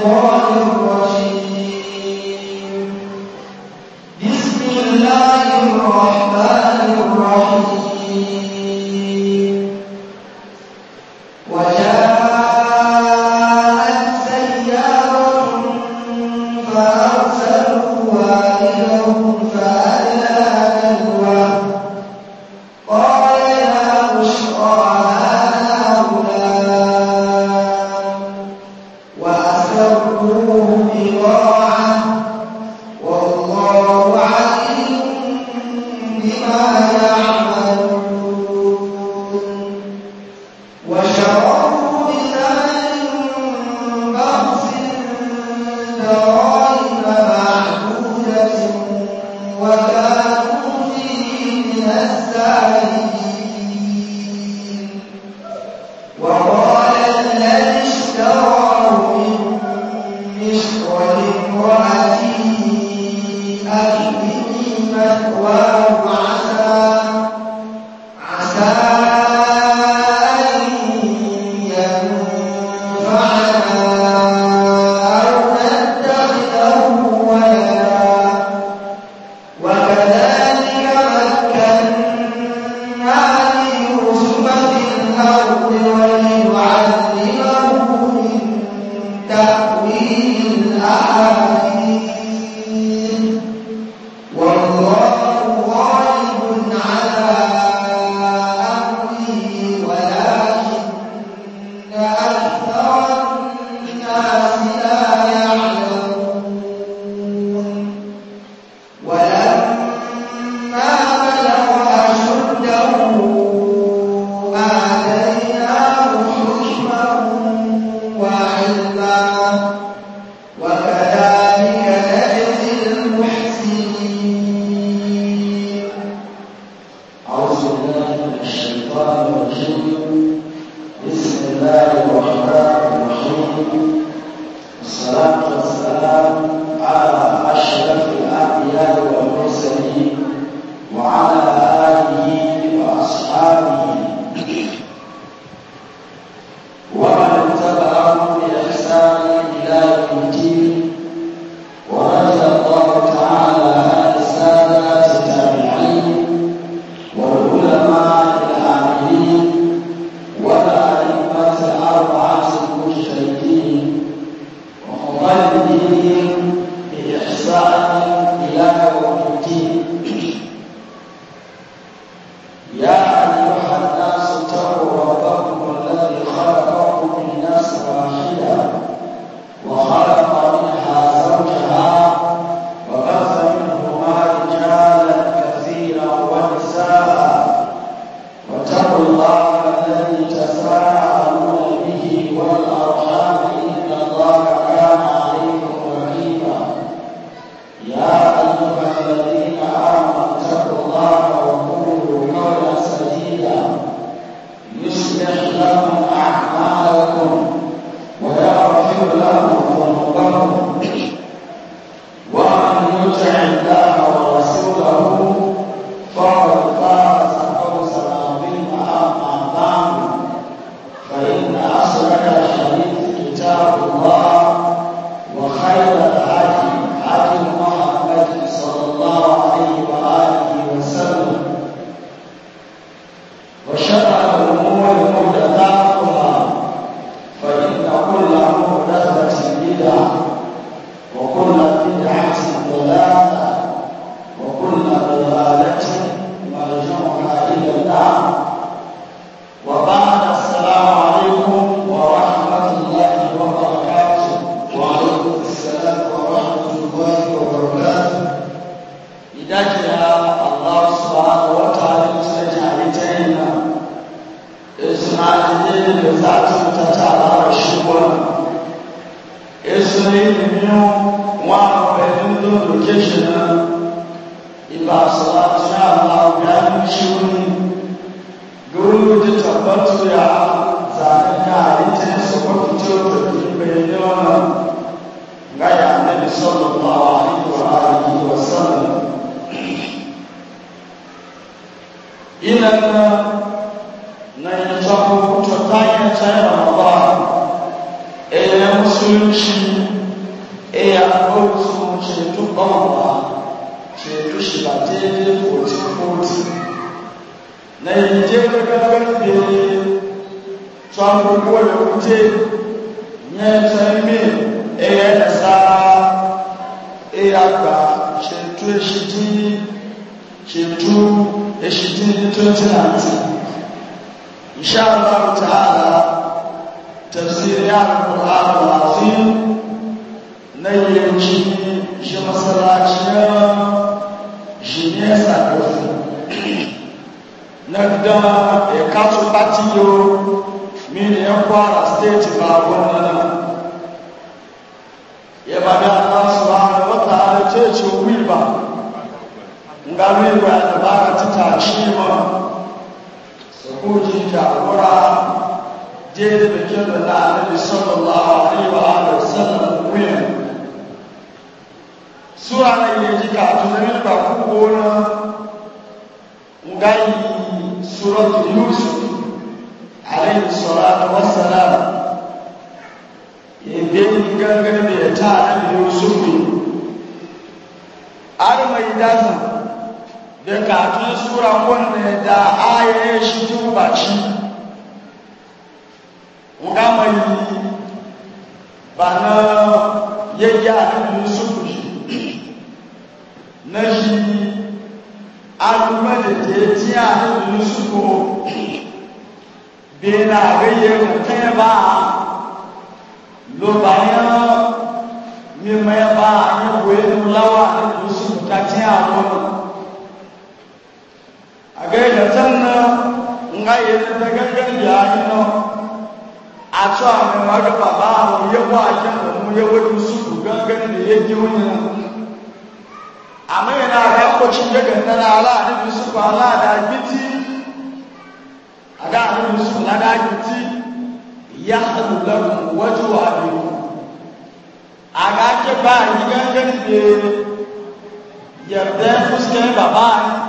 Father. fala do Evangelho dajiya Allah subhanahu wa ta'ala musa jari ta yin nan Ismail da za ta ta tara shi wannan Israel ni wa pẹ̀lú lórí kéṣe náà ìbá sọ́lá tí a máa gbá ní ṣúrí lórí ti tàbá tó yà zàkàkà àríkà ìsọ́kọ̀tù tí ó tẹ̀lé pẹ̀lú ní ọ̀nà gáyà nẹ́bí sọ́lọ̀ pàwà ìwà àríwá sọ́lọ̀ kila na na inataka kutotanya cha Ramadhani eya e eya kofu chetu bamba chetu shibatele foti foti na injebe kakakbe twamukuwa lokute nyatamie nasa e eya gba chetu eshiti chetu 2019 إن شاء الله تعالى تفسير يعني القرآن العظيم نيجي جمسراتنا جنيسا نقدم يكاتو باتيو من يقوى ستيت بابونا يبقى الله سبحانه وتعالى تيجي ويبقى ngalwe kwa tabaka tita shima sokuji ta kura je da kiyar da annabi sallallahu alaihi wa alihi wasallam kuya sura na yeji ka tunanin ba ku gona ngai suratul yusuf alaihi salatu wassalam yadda yi gangan da ya ta annabi yusuf ne har mai dasa da katun sura wannan da ayaye shi turbaci nga mai ba na yayya annabi yusuf na shi aluma da ta ci annabi yusuf bai na gayyar mutum ba lo bayan mi mai ba ni koyi lawa annabi yusuf ta ci a gaye da tanna nga ye da gangan ya ino a to a me ma ga baba mu ye wa ja mu ye wa du su gangan da ye ji wani amma yana ga ko cin ga ganna na ala da su ba ala da biti aga da su na da biti ya hadu lakum wajhu abikum aga ke ba yi gangan da yarda fuskar baba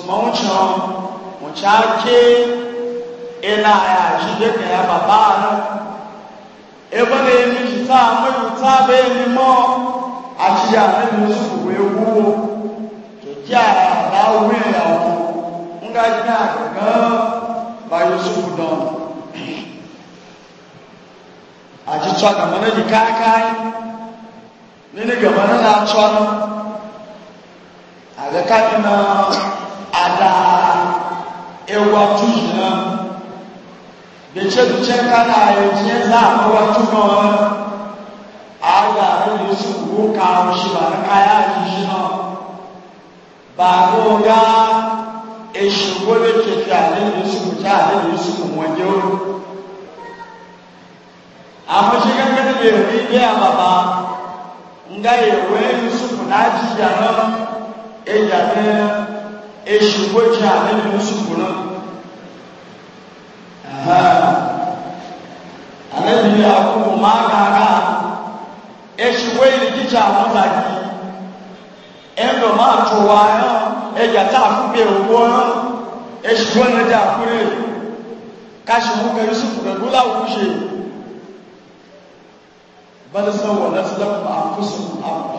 suma wucin wuce ya shi daga ya baba nan ebe na yi miji ta amuru ta bai ni mọ a ci ya na ni su wee wuwo to ki ya ba wuri ya wu nga ji na gangan ba yi su don a ji tsọ ga mana kakai ni ni na tsọ a ga kakai na dáadáa ẹwà tu yìnyínna bẹ̀kyẹ̀bẹ̀kyẹ̀ kánà ẹ̀jẹ̀ náà ẹwà tu náà ayé àrẹ yìí sùn wò ká ọ̀ṣìbà káyà yìí náà baako ga ehyɛnbɔ bɛ twɛtwɛ ale yìí sùn kyɛ ale yìí sùn wɔnyɛ o ahosuo kankan bɛ yɛ fi bɛ ababa nga yɛ wɔ yɛ sùn na agyi yɛ no ɛyɛ no èṣù gbọ́jà nínú mùsùlùmí náà anabi akumu maakaka èṣù wẹ́yìn jíjà àwọn ọ̀làjì ẹ̀ńdọ̀ máa tó wa náà ẹ̀jà tá a fún bẹ̀rẹ̀ owó náà èṣù wọ́n náà dé àkúrẹ́ káṣíwú kẹrin sí kùrẹ́gbó láwùú ṣe bá lọ́sọ̀wọ̀ lọ́sọ̀lọ́pọ̀ àkóso àpò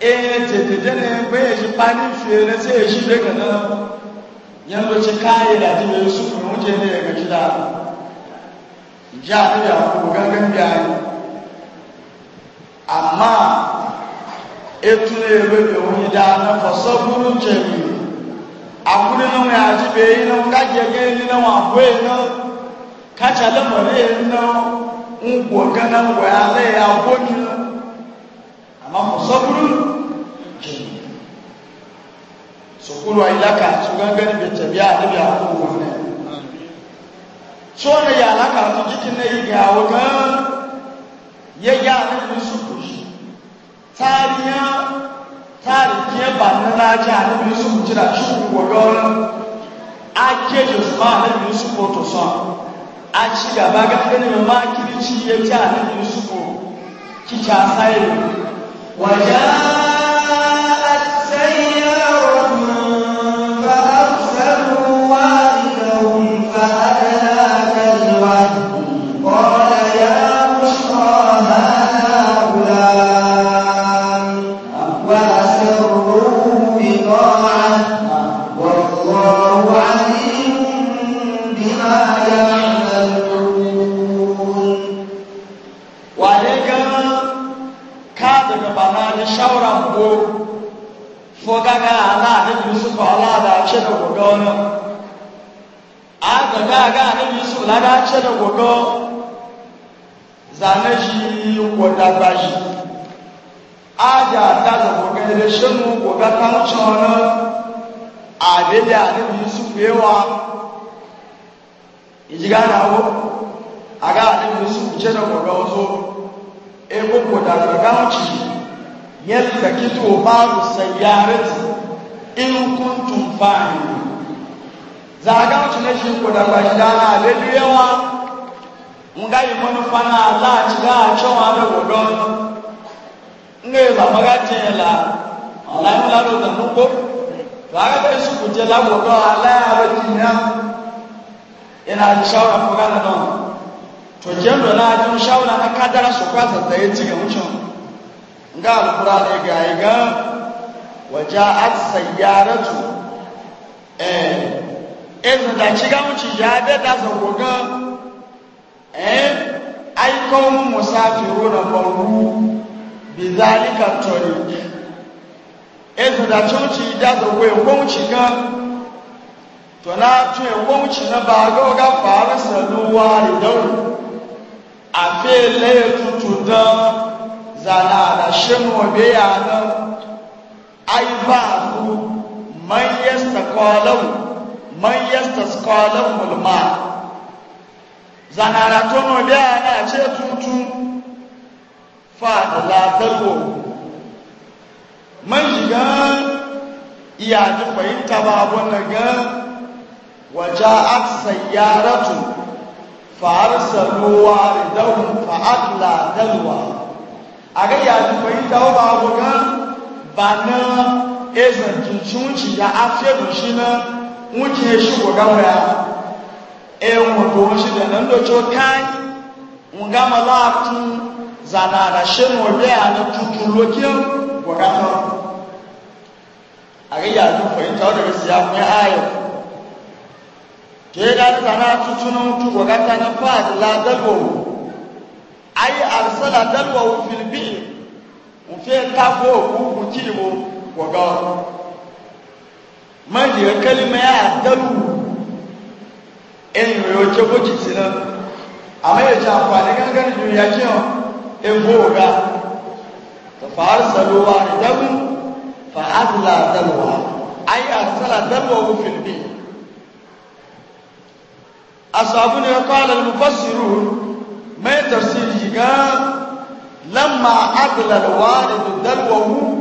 eh tete ne bai shi pani fere sai shi daga nan yan lokaci kai da ji mai su kuma wuce ne daga gida ja da ku gangan biya amma etu ne bai da wani da na fasa gurin jami akuri na mai aji bai na kaje ga ni na wa bai na kacha da mare na ngwa ganan wa ya ya ko ni amma fasa gurin jini sukulu ailaka su gangan da tabiya da ya kuma wannan so ne ya alaka to jikin na yi ga wata ya ya ne su kushi tariya tariya ba na raja ne su jira shi ko don ake je su ba ne su ko to son a ci gaba ga ɗanin makirci ya ci a nan yusufu kika sayo wajen gogono aga a ga ne yi su la da ce da gogo zane shi ko da ba shi aja ta da gogo da shi mu gogo ta mu chono abe da ne yi su bewa ijiga na wo aga ne yi su ce da gogo so e ko ko da ga ga ci yadda kito ba su sayyarati in kuntum fa'ilun zaga ci na shi ko da ba shi dana da yawa nga yi manufa na za la ala yi lalo da nuko zaga bai su kuje la gudun ala ya ba jina ina da shawara don to na jin shawara na kadara su kwasa tsaye ci ga wucin nga alkura ne وجاءت سيارته إذا دا شيغا مشي جابة دا زوجة أي قوم مسافرون مروا بذلك الطريق إذا دا شيغا دا زوجة قوم شيغا tona tun ewu ci na baago ga faara salu waari dɔw a fee lɛɛ tutu dɔn zana a la shemu o bee yaa dɔn ai ba ku man yastaqalu man yastasqalu alma zanara to no biya na ce tutu fa da la talwo man shiga iya ji fahimta ba wannan ga waja'at sayyaratu fa arsalu waridahum fa adla dalwa aga ya ji fahimta ba wannan bana na ezan tuntun ci ya afiya shi na wuce shi ko gama ya e mu ko shi da nan do to kai mu gama la tu zana da shi mu be a na tutun lokin ko gama a ga ya tu fa ita da siya mu ayo ke da tana tutun tu ko gata na fa la dalwo ai arsala dalwo fil bi'r mfe tafo kuku kilimo wagawa maji ya kalima ya dalu ẹnu yóò tẹ bójì sí náà àmọ́ yóò tẹ àǹfààní gángan ju ìyá kí hàn egbò ọ̀gá tọ̀fà àrísàlùwà ìdábù fà àdìlà àdàlùwà ayé àrísàlà àdàlùwà wò fìlìpì. asàbùnì ẹ̀kọ́ àlẹ́ lùfọ́sirù mẹ́tẹ̀sì yìí gan-an. لما أدل الوالد دلوه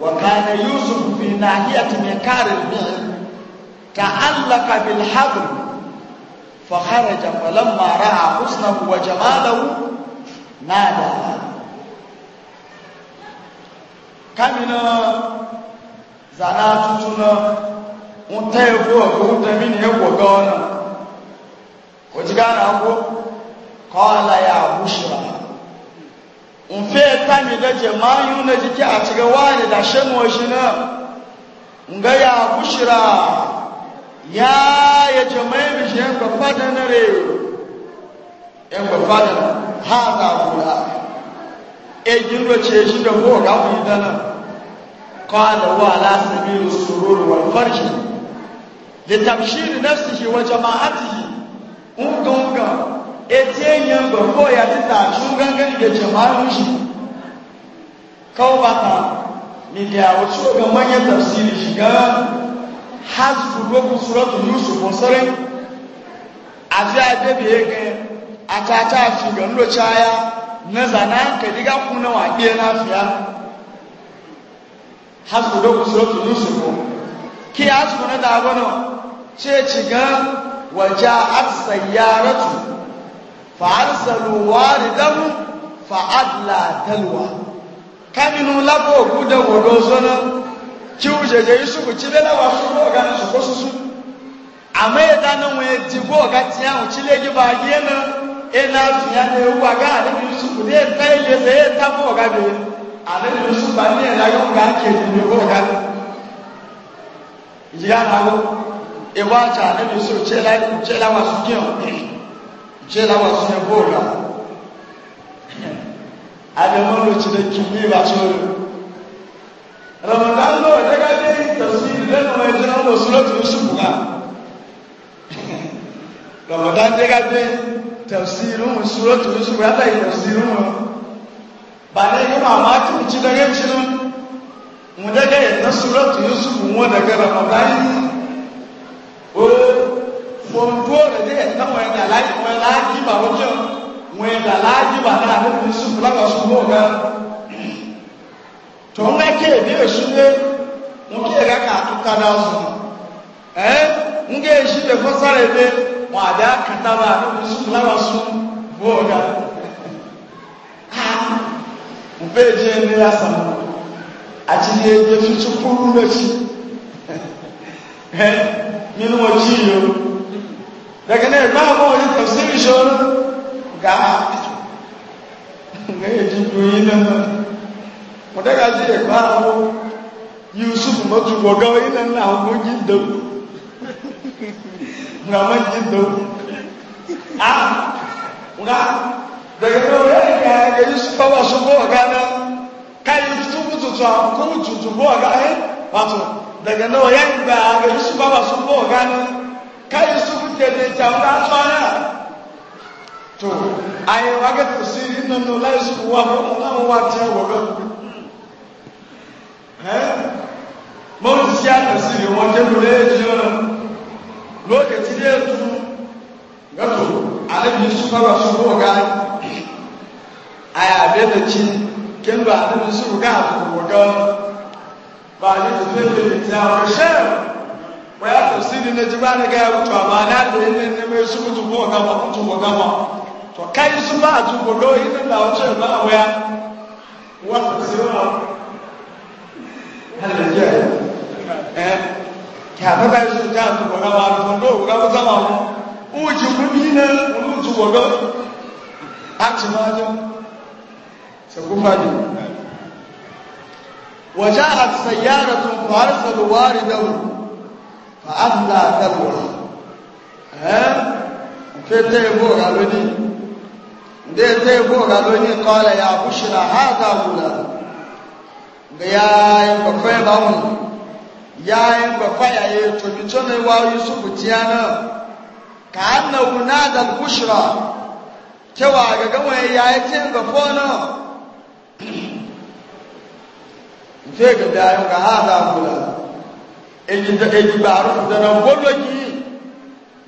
وكان يوسف في ناحية مكار المعر تعلق بالحبل فخرج فلما رأى حسنه وجماله نادى كمنا زناتنا متيفو أقول من يبو قونا وجغان قال يا بشرى nfe ta mi da jama'i na jiki a ciga wani da shan washi na ga ya bushira ya ya jama'i mi shi yan kwafada na re yan kwafada ha za kula e jiro ce shi da ko ga mu dana qala wa la sabilu surur wal farj li tabshir nafsihi wa jama'atihi unga unga etie nye gbogbo ya tita shungangan da jama'ar shi kawo bata ni da wasu ga manyan tafsiri shiga hasbu gogo suratul yusuf wasarin azi ajabi yake a tata shiga ndo chaya na zana ka diga kuna wa ɗaya na fiya hasbu gogo suratul yusuf ki hasbu na dagwano ce shiga waje at sayyaratu fa'arsalu waridan fa'adla talwa kaminu labo guda wodo sona ki ujeje isu ku chile na wasu ko ga su ko susu ama eda na we ti go ga ti an chile gi ba gi na e na ti ya ne wa ga ni isu ku de ta ile se ta ko ga be ale ni isu ba ni la yo ga ke ni ko ga ji ga na go e wa cha ni isu chela chela wasu ki shi la wa sun bola adamu lo ci da kimi ba ci ramadan lo da ga dai tafsir da no ya jira lo suratu yusuf ga ramadan da ga dai tafsirun suratu yusuf ya dai tafsirun ba dai ga mamaki ci da ga ci mu daga yadda suratu yusuf mu daga ramadan o gbogbo rẹ̀ dé ẹ̀ka wọn ẹ̀dà láti wọn ẹ̀dà láti bà wọ́n jẹ́ wọn ẹ̀dà láti bà náà ní kùn sùn lábà sùn wọ́n gá. tó ń ké èdè èṣù lé wọn kí ẹ̀ka kà tó ká dá sùn ẹ̀ ń gé èṣù lè fọ́ sára ẹ̀dẹ́ wọn àdá kàtà bà ní kùn sùn lábà sùn wọ́n gá. mo fẹ́ jẹ́ ní lásán àti ní ẹgbẹ́ tuntun kúrú lọ́sí nínú ọjí yìí o daga nan ba ba wani tafsiri shawar ga ga ya ji doyi nan ba mu daga ji ya ba mu yusuf matu goga wani nan na hukukin da na manjin da a ga daga nan wani ga ga yusuf ba ba su ko ga nan kai su mutu su ko mutu su ko ga eh wato daga nan wani ga ga yusuf ba ba su ko ga kai su kute da jama'a bana to ayi waga tafsirin nan no lai su wa ba mu nan wa ta wa ga eh mo si ya tafsirin wa ta dole ji lokaci da su gato alabi su ba ba su ga aya be da ci ken ba alabi su ga wa ga ba ni da zai da ta wa shar waya tafsiri na jiba na gaya wuce ba na da yin ne mai su mutu ko gama mutu ko gama to kai su ba a tuko do idan da wace ba a waya wa tafsiri ba halin jiya eh kya ba kai su ta tuko gama to do gama gama o ji kudi ne mutu ko gama a ci ma jin sai ku fadi وجاءت سيارة فأرسلوا واردهم àádùlá àtẹ́bùrà ẹ́ kéte ìbòrà lónìí déte ìbòrà lónìí kọ́lẹ̀ yà búṣìlá àádàbùlà ga yayin bakwai bawon yayin bakwai a yi tobito mai wayo su kuciya nan ka annabu na da bushra kewa ga gama yayin ce bafo nan fe ga dayo ejigba arúgbó dáná gbódò yìí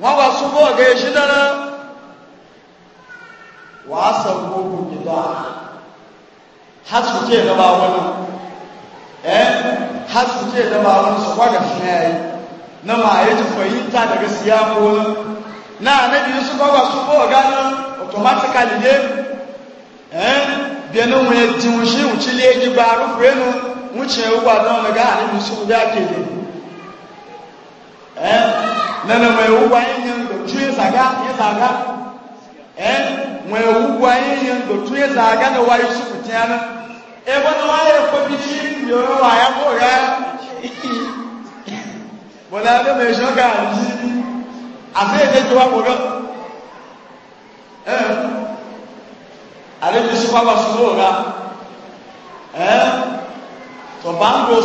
wọ́n wá súnmọ́ ọ̀gá èṣí dáná wàá sọ Eh ìdá hásùkì ìdọ́bà wọn ẹ́ hásùkì ìdọ́bà wọn sọ̀kọ́ gàfin ẹ̀ na maye ji fahimta daga siyamu wani na anabi yusuf ba su ko gano automatically ne eh biyanin mu ya ji mu shi mu ci leji ba rufu yanu mu ce wa don ga anabi yusuf da ke nana mwe ugwu anyị nye ndụ chu eze aga eze aga anyị nye ndụ chu eze aga na ya ebe na waya bụ ya bọ̀dá ẹgbẹ́ mẹ́rin ṣe ọ́gá àti àti èdè tó wà pọ̀gọ́ ẹ̀ àlejò sípàbà sùúrù ọ̀gá ẹ̀ tọ̀bá ń bọ̀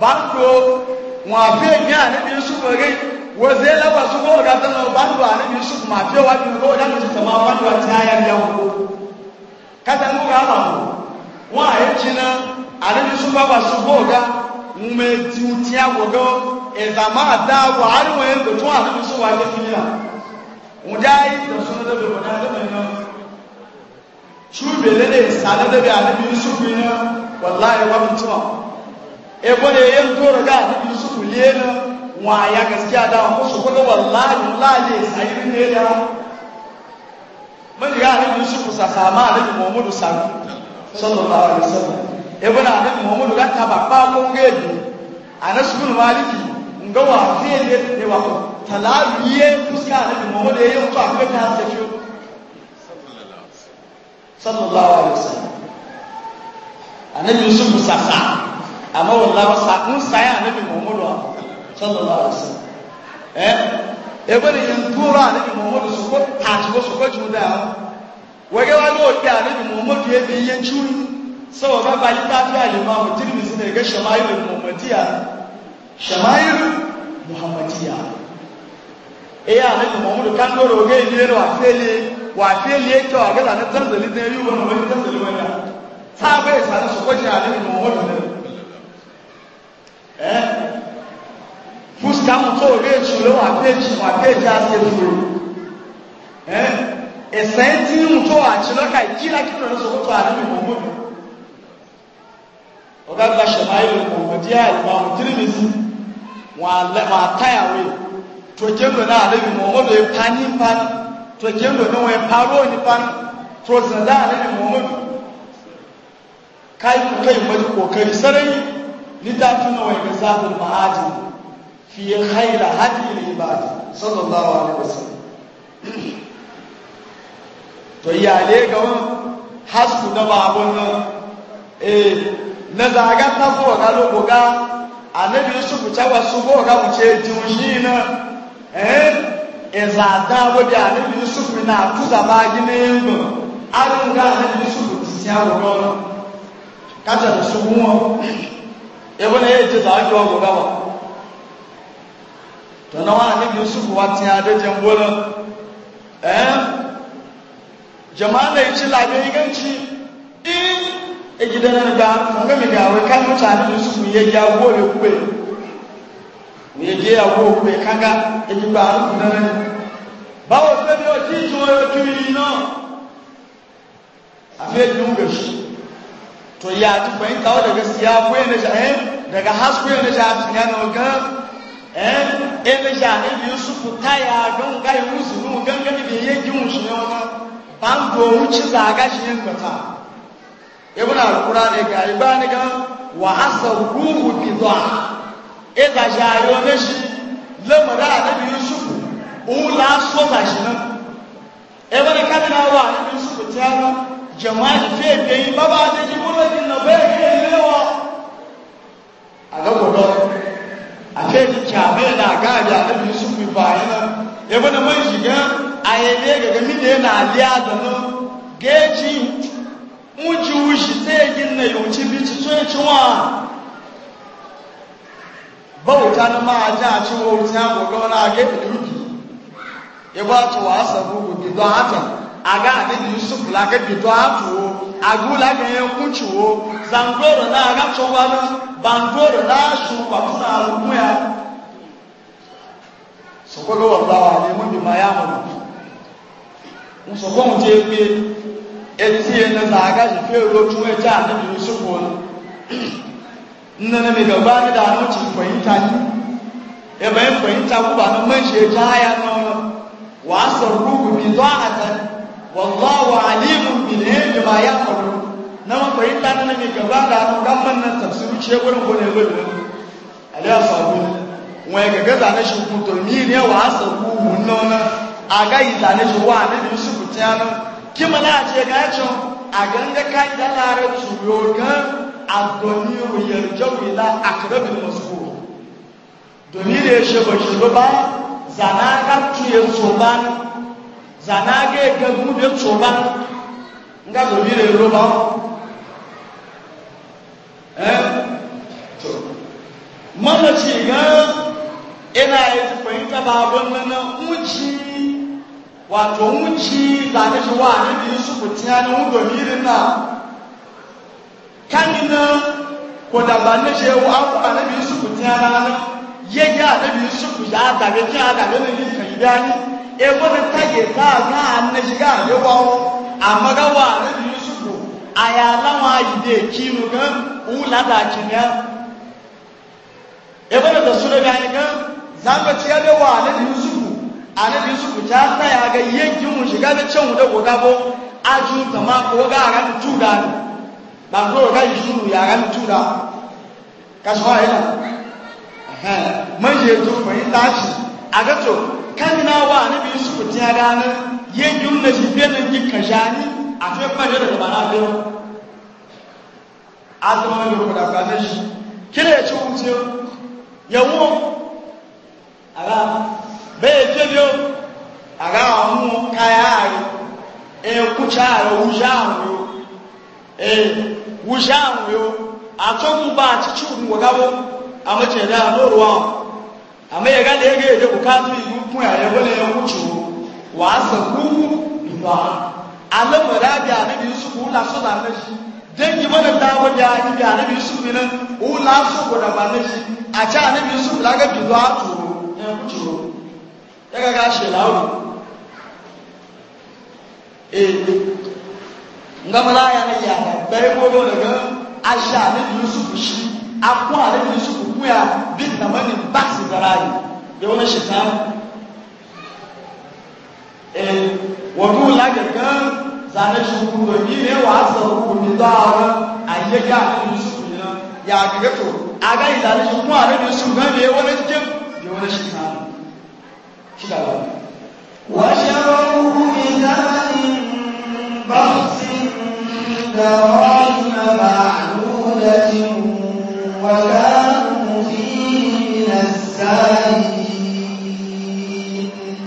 bando wọn fẹ ní anabi yusuf rí wọn zẹ lẹwà sọgbọn ọgá tán lọ bando anabi yusuf máa fẹ wá bí wọn dáná ti sọmọ bando àti ayé ẹni ẹwọn kó kátàkùn kà wà wọn wọn àyè jìnnà ane yusuf bá wà sọgbọn ọgá wọn mẹ ti wọn tiẹ wọgọ ẹzàmà àdá wọ àríwọ yẹn tó tún anabi yusuf wà lẹfún yìí la wọn dá yìí tó sọ lọdọ bẹ wọn dá lọdọ yìí náà tùbẹlẹ lè sàlẹ lẹbi anabi yusuf yìí náà wàlláyé wà mí tó wọn ebo ne yan tora ga annabi yusuf lena wa ya gaskiya da mu su kuma wallahi wallahi sai ne da mun ga annabi yusuf sa sama annabi muhammadu sallallahu alaihi wasallam ebo na annabi muhammadu ga ta ba ba ko ngeji anas bin maliki nga wa fiye ne ne wa ko talabiye fuska annabi muhammadu yayin to akwai ta tafi sallallahu alaihi wasallam annabi yusuf sa sama àmọ́ wọn lọ sa ń sáyà níbi mọ̀mọ́dù sọ́dọ̀lá ọ̀sẹ̀ ẹ́ ebe ni yẹn dúró à níbi mọ̀mọ́dù sọ́kọ́ àtìkọ́ sọ́kọ́ jù dà ọ́ wẹ́gẹ́ wá ní òkè à níbi mọ̀mọ́dù yẹn bí yẹn jù ní sọ́wọ́ bá bá yíká bí àyè máa wò tìrìmì sí ẹ̀gẹ́ ṣàmáyìrì mọ̀mọ́díyà ṣàmáyìrì mọ̀mọ́díyà eya ale ni mɔmudu kandoro oge elie no wafeli wafeli etsɔ agela ne tɛnzeli ne yi wɔn wɔn tɛnzeli wɔn ya saa bɛ sa ne sɔkɔ dzi ale ni mɔmudu ne e a ẹ́ fúsìtàmù tó rí èṣù ló wà péjì wà péjì àṣẹfúru o ẹ̀sẹ̀ tí ń tó àṣìlọ́kà ìkíra kí lọ́nà sọ tó àdúgbò mọ̀mọ́dù ọ̀gá gba ṣẹ̀máyé mọ̀mọ́dí àìmọ̀ àwọn tìrìmìsì wọn àtàyàwó tó jẹ́ lọ́nà àdúgbò mọ̀mọ́dù ẹ̀ panípaní tó jẹ́ lọ́nà wọn ẹ̀ parọ́ nípaní to zanda a nabi muhammadu kayi kai mai kokari sarari littafin na wai zafin ma'aji fi haila hadi ne ba sallallahu alaihi wasallam to iyale ga wani hasku na babun nan eh na zaga ta so ga lobo ga annabi yusuf ta wasu go ga wuce jinshi na eh eza da wadi annabi yusuf na tuza ba gine yin arin ga annabi yusuf ti ya wuro kaja su mu ebo na eje za ake ọgwụ gawa to na wani bi yusufu wa tiya da jambola eh jama'a da yace labe iganci in e gidan ga mun ga mi ga wai kan mutane yusufu ya ga gore kuwe ne je ya go kuwe kaga e ji ba an kuna ne bawo sai ne o ti jo yo yi no afi e ju shi to ya ji fahimta wa daga siya ko yana sha eh daga hasko yana sha tinya no ga eh ene sha ne eh, yusuf ta ya don ga yusuf mu gangani be yegi mu shi ne wannan ban go wuci zaga shi ne kata ibn al-quran ne ga ibani ga wa asruhu bi dha e ga sha yo ne shi lamara da yusuf o la so ba shi nan e bana kana wa yusuf ta jama'a fe be yi baba de ji mo na bai ke le wa aga ko a fe ji cha be na ga ja le su mi ba nan na e na mai shiga ayele ga ga mi de na ali ado no geji mu ji wu shi te gi na yo chi bi chi wa bauta na ma a chi wo ti a ko ga na ge bi e ba to wa asabu bi do aga anabi yusuf la ka bito afuwo agu la ka yẹn kuntuwo zangoro na aga tsowa na bandoro na asu kwamusa alumu ya sọkọlọ wà fúláwà ni mo bí ma yá mọ mo sọkọ mo ti e pe etí yẹn na sa aga yìí fẹ́ lójú ẹja anabi yusuf wọn nnana mi gaba ni da anu ti fẹyinta ni ẹ bẹ fẹyinta kó ba e e ni mo ń ṣe ẹja ya nọ wallahu alimun bil ilmi ma yaqulu na mun fahimta nan ne gaba da mun kan mannan tafsiru ce gurin gone lobe aliya sabu wai ga gaza na shi ku to mi ne wa asabu hunnona aga ita ne shi wa ne bi su kutiyana kima na ce ga yacho a ganga kai da lare tuyo ga adoni yarjau ila akrabil masfur domin da ya shebe shi ba zana kan tuye so ba zana ga gagu da tsoba nga zobi da yaro ba mana ce ga ina yi fahimta babban nan muci wato muci zane shi wa ne da su kutiya na wudo mirin na kan na ko da ba ne shi wa ku ana bi su kutiya na ya ga da bi su ku ya da ga ki ada ne ni kai da ni ebo ne tage taa naa ne shiga ne wawo amaga wa ne bi yusufu aya lawa ide kinu ga ula da kinya ebo ne da sura ga ni ga zamba ciya da wa ne bi yusufu ane bi yusufu ta tsaya ga yankin mu shiga da can da goga bo aju kama ko ga ran tuda ne ba ko ga yusuru ya ran tuda ka so ayi na eh manje to fa yin dashi agato kan na wa ne bi su ti ara ne ye jun na ji be ne ji kajani a fe pa ne da bana be azama ne ko da ka ne shi kire ya ci wuce yawo ara be je bi o ara mu kaya ari e ku cha ara u ja mu e u ja mu yo a to mu ba ti chu mu ga bo a mace da no ruwa àmọ́ ẹ̀gá lè gé èdè bùkátù ìlú fún bi lè yẹn wúchù wàá sẹ̀kú ìgbà na àbí àníbi ìsúkú lásọ̀dà méjì dẹ́yìn mọ́lẹ̀ dáwọ́ di àníbi àníbi ìsúkú iná òun lásọ̀kù dàgbà méjì àti àníbi ìsúkú lágẹ́ bìlú àtùrù yẹn wúchù yẹ́gá ká ṣe láwùrù. èdè ngamara ya ni yàrá bẹ́ẹ̀ gbogbo nìkan aṣa àníbi ìsúkú ṣí akún àníbi guya bin da mani ba da wani shi ta wani lagagan zane shi hukumomi ne wa asa hukumi za a ran a yi ya kan su ne ya gaga to a ga yi zane shi kuma a rage su ga ne wani jikin da wani shi shi da ba wa shawaru bi zamanin baksin da wa'ina ma'lulatin wa la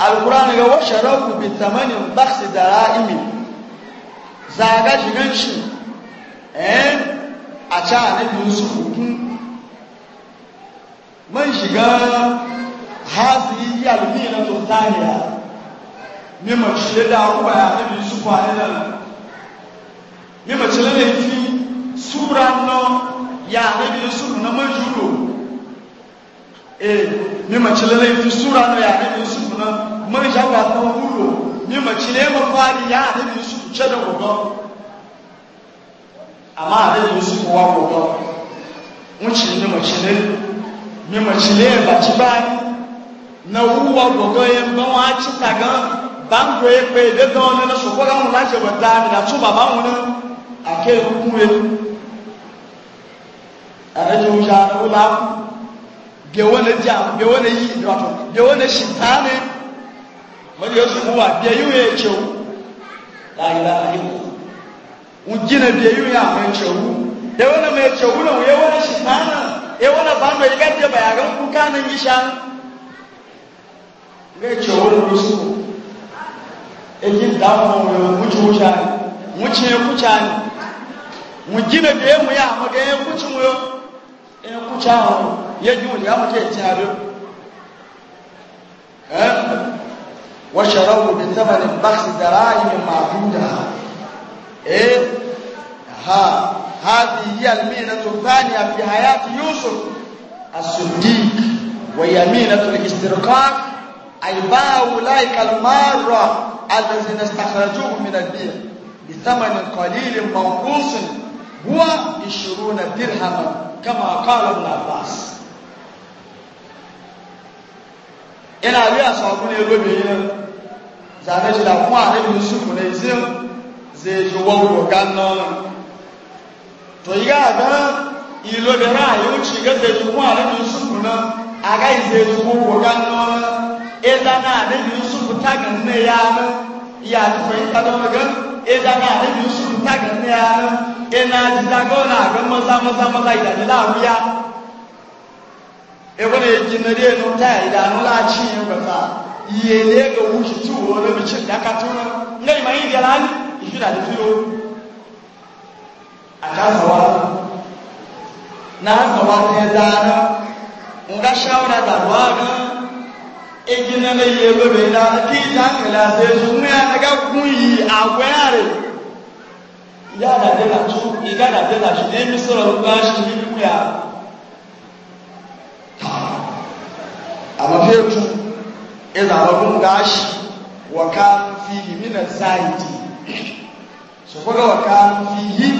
alkurani ga washarafu bi tamani baksi da ra'imi zaga shigan shi eh a ca na yusuf hukun man shiga hazi yalmi na tutaniya ni ma shi da kuwa ya na yusuf a nan ni ma na fi sura no ya na yusuf na majulo eh ni mace lalai fi sura na ya nabi yusuf na man jawa ta hulo ni mace ne ma fari ya nabi yusuf ce da gogo amma nabi yusuf wa gogo wuce ni mace ne ni mace ba ci ba na wuwa gogo yan ba wa ci ta ga ban go ye pe de don na so ko ga mu la je wa da na tu baba mu na ake ku ku ye ara jo ja ko la bewone ja bewone yi wato bewone shitani wani yesu kuwa biyayu ya ce wu la ilaha illallah ujina biyayu ya mai ce wu bewone mai ce wu na yewone shitana yewone bando ya gaje bayagan kuka nan gisha ngai ce wu na rusu ejin dafa mu yo muci wuca ni muci ya kuca ni mu gina biye mu ya mu ga ya kuci mu yo ya kuca mu يجوا اليوم كيتنابوا وشروا بثمن بخس دراهم معدودة إيه ها هذه هي المينة الثانية في حياة يوسف الصديق وهي مينة الاسترقاق أي باع أولئك المارة الذين استخرجوه من الدين بثمن قليل منقوص هو 20 درهما كما قال ابن عباس yana rí àṣà ọkùnrin olóbìnrin náà ṣàfẹ́ṣẹ̀dá fún ààrẹ yusuf ní ìsí ṣe ìṣòwò ògá náà tó yíká àgbá ìlóbìnrin ààyè ó ṣì gẹ́gẹ́ ju fún ààrẹ yusuf náà àgá ìṣe ìṣòwò ògá náà ẹ̀dá náà ààrẹ yusuf tágàn ní ẹ̀yà náà ìyá àtúfẹ́ ìtàdọ́mọgán ẹ̀dá náà ààrẹ yusuf tágàn ní ẹ̀yà náà ẹ̀nà àdìdàgọ́ náà àgbẹ̀ mọ́sámọ́sámọ́sá ìdàdí láàrú yá ebona yegyinariye no ta idanu lakyiye bata yele ga wuki tuwo na bice da ka tuna nga ima yi galani ihira da tuyo akazawa na akawa ta dana nga shawara da wana egyinana yelo be da ki ta kala se zumu ya daga kunyi agware ya da de la tu iga da de tu ne mi soro ba shi ni ku ya amma fetu idan rabin gashi wa kan fihi min zaidi su kuga wa kan fihi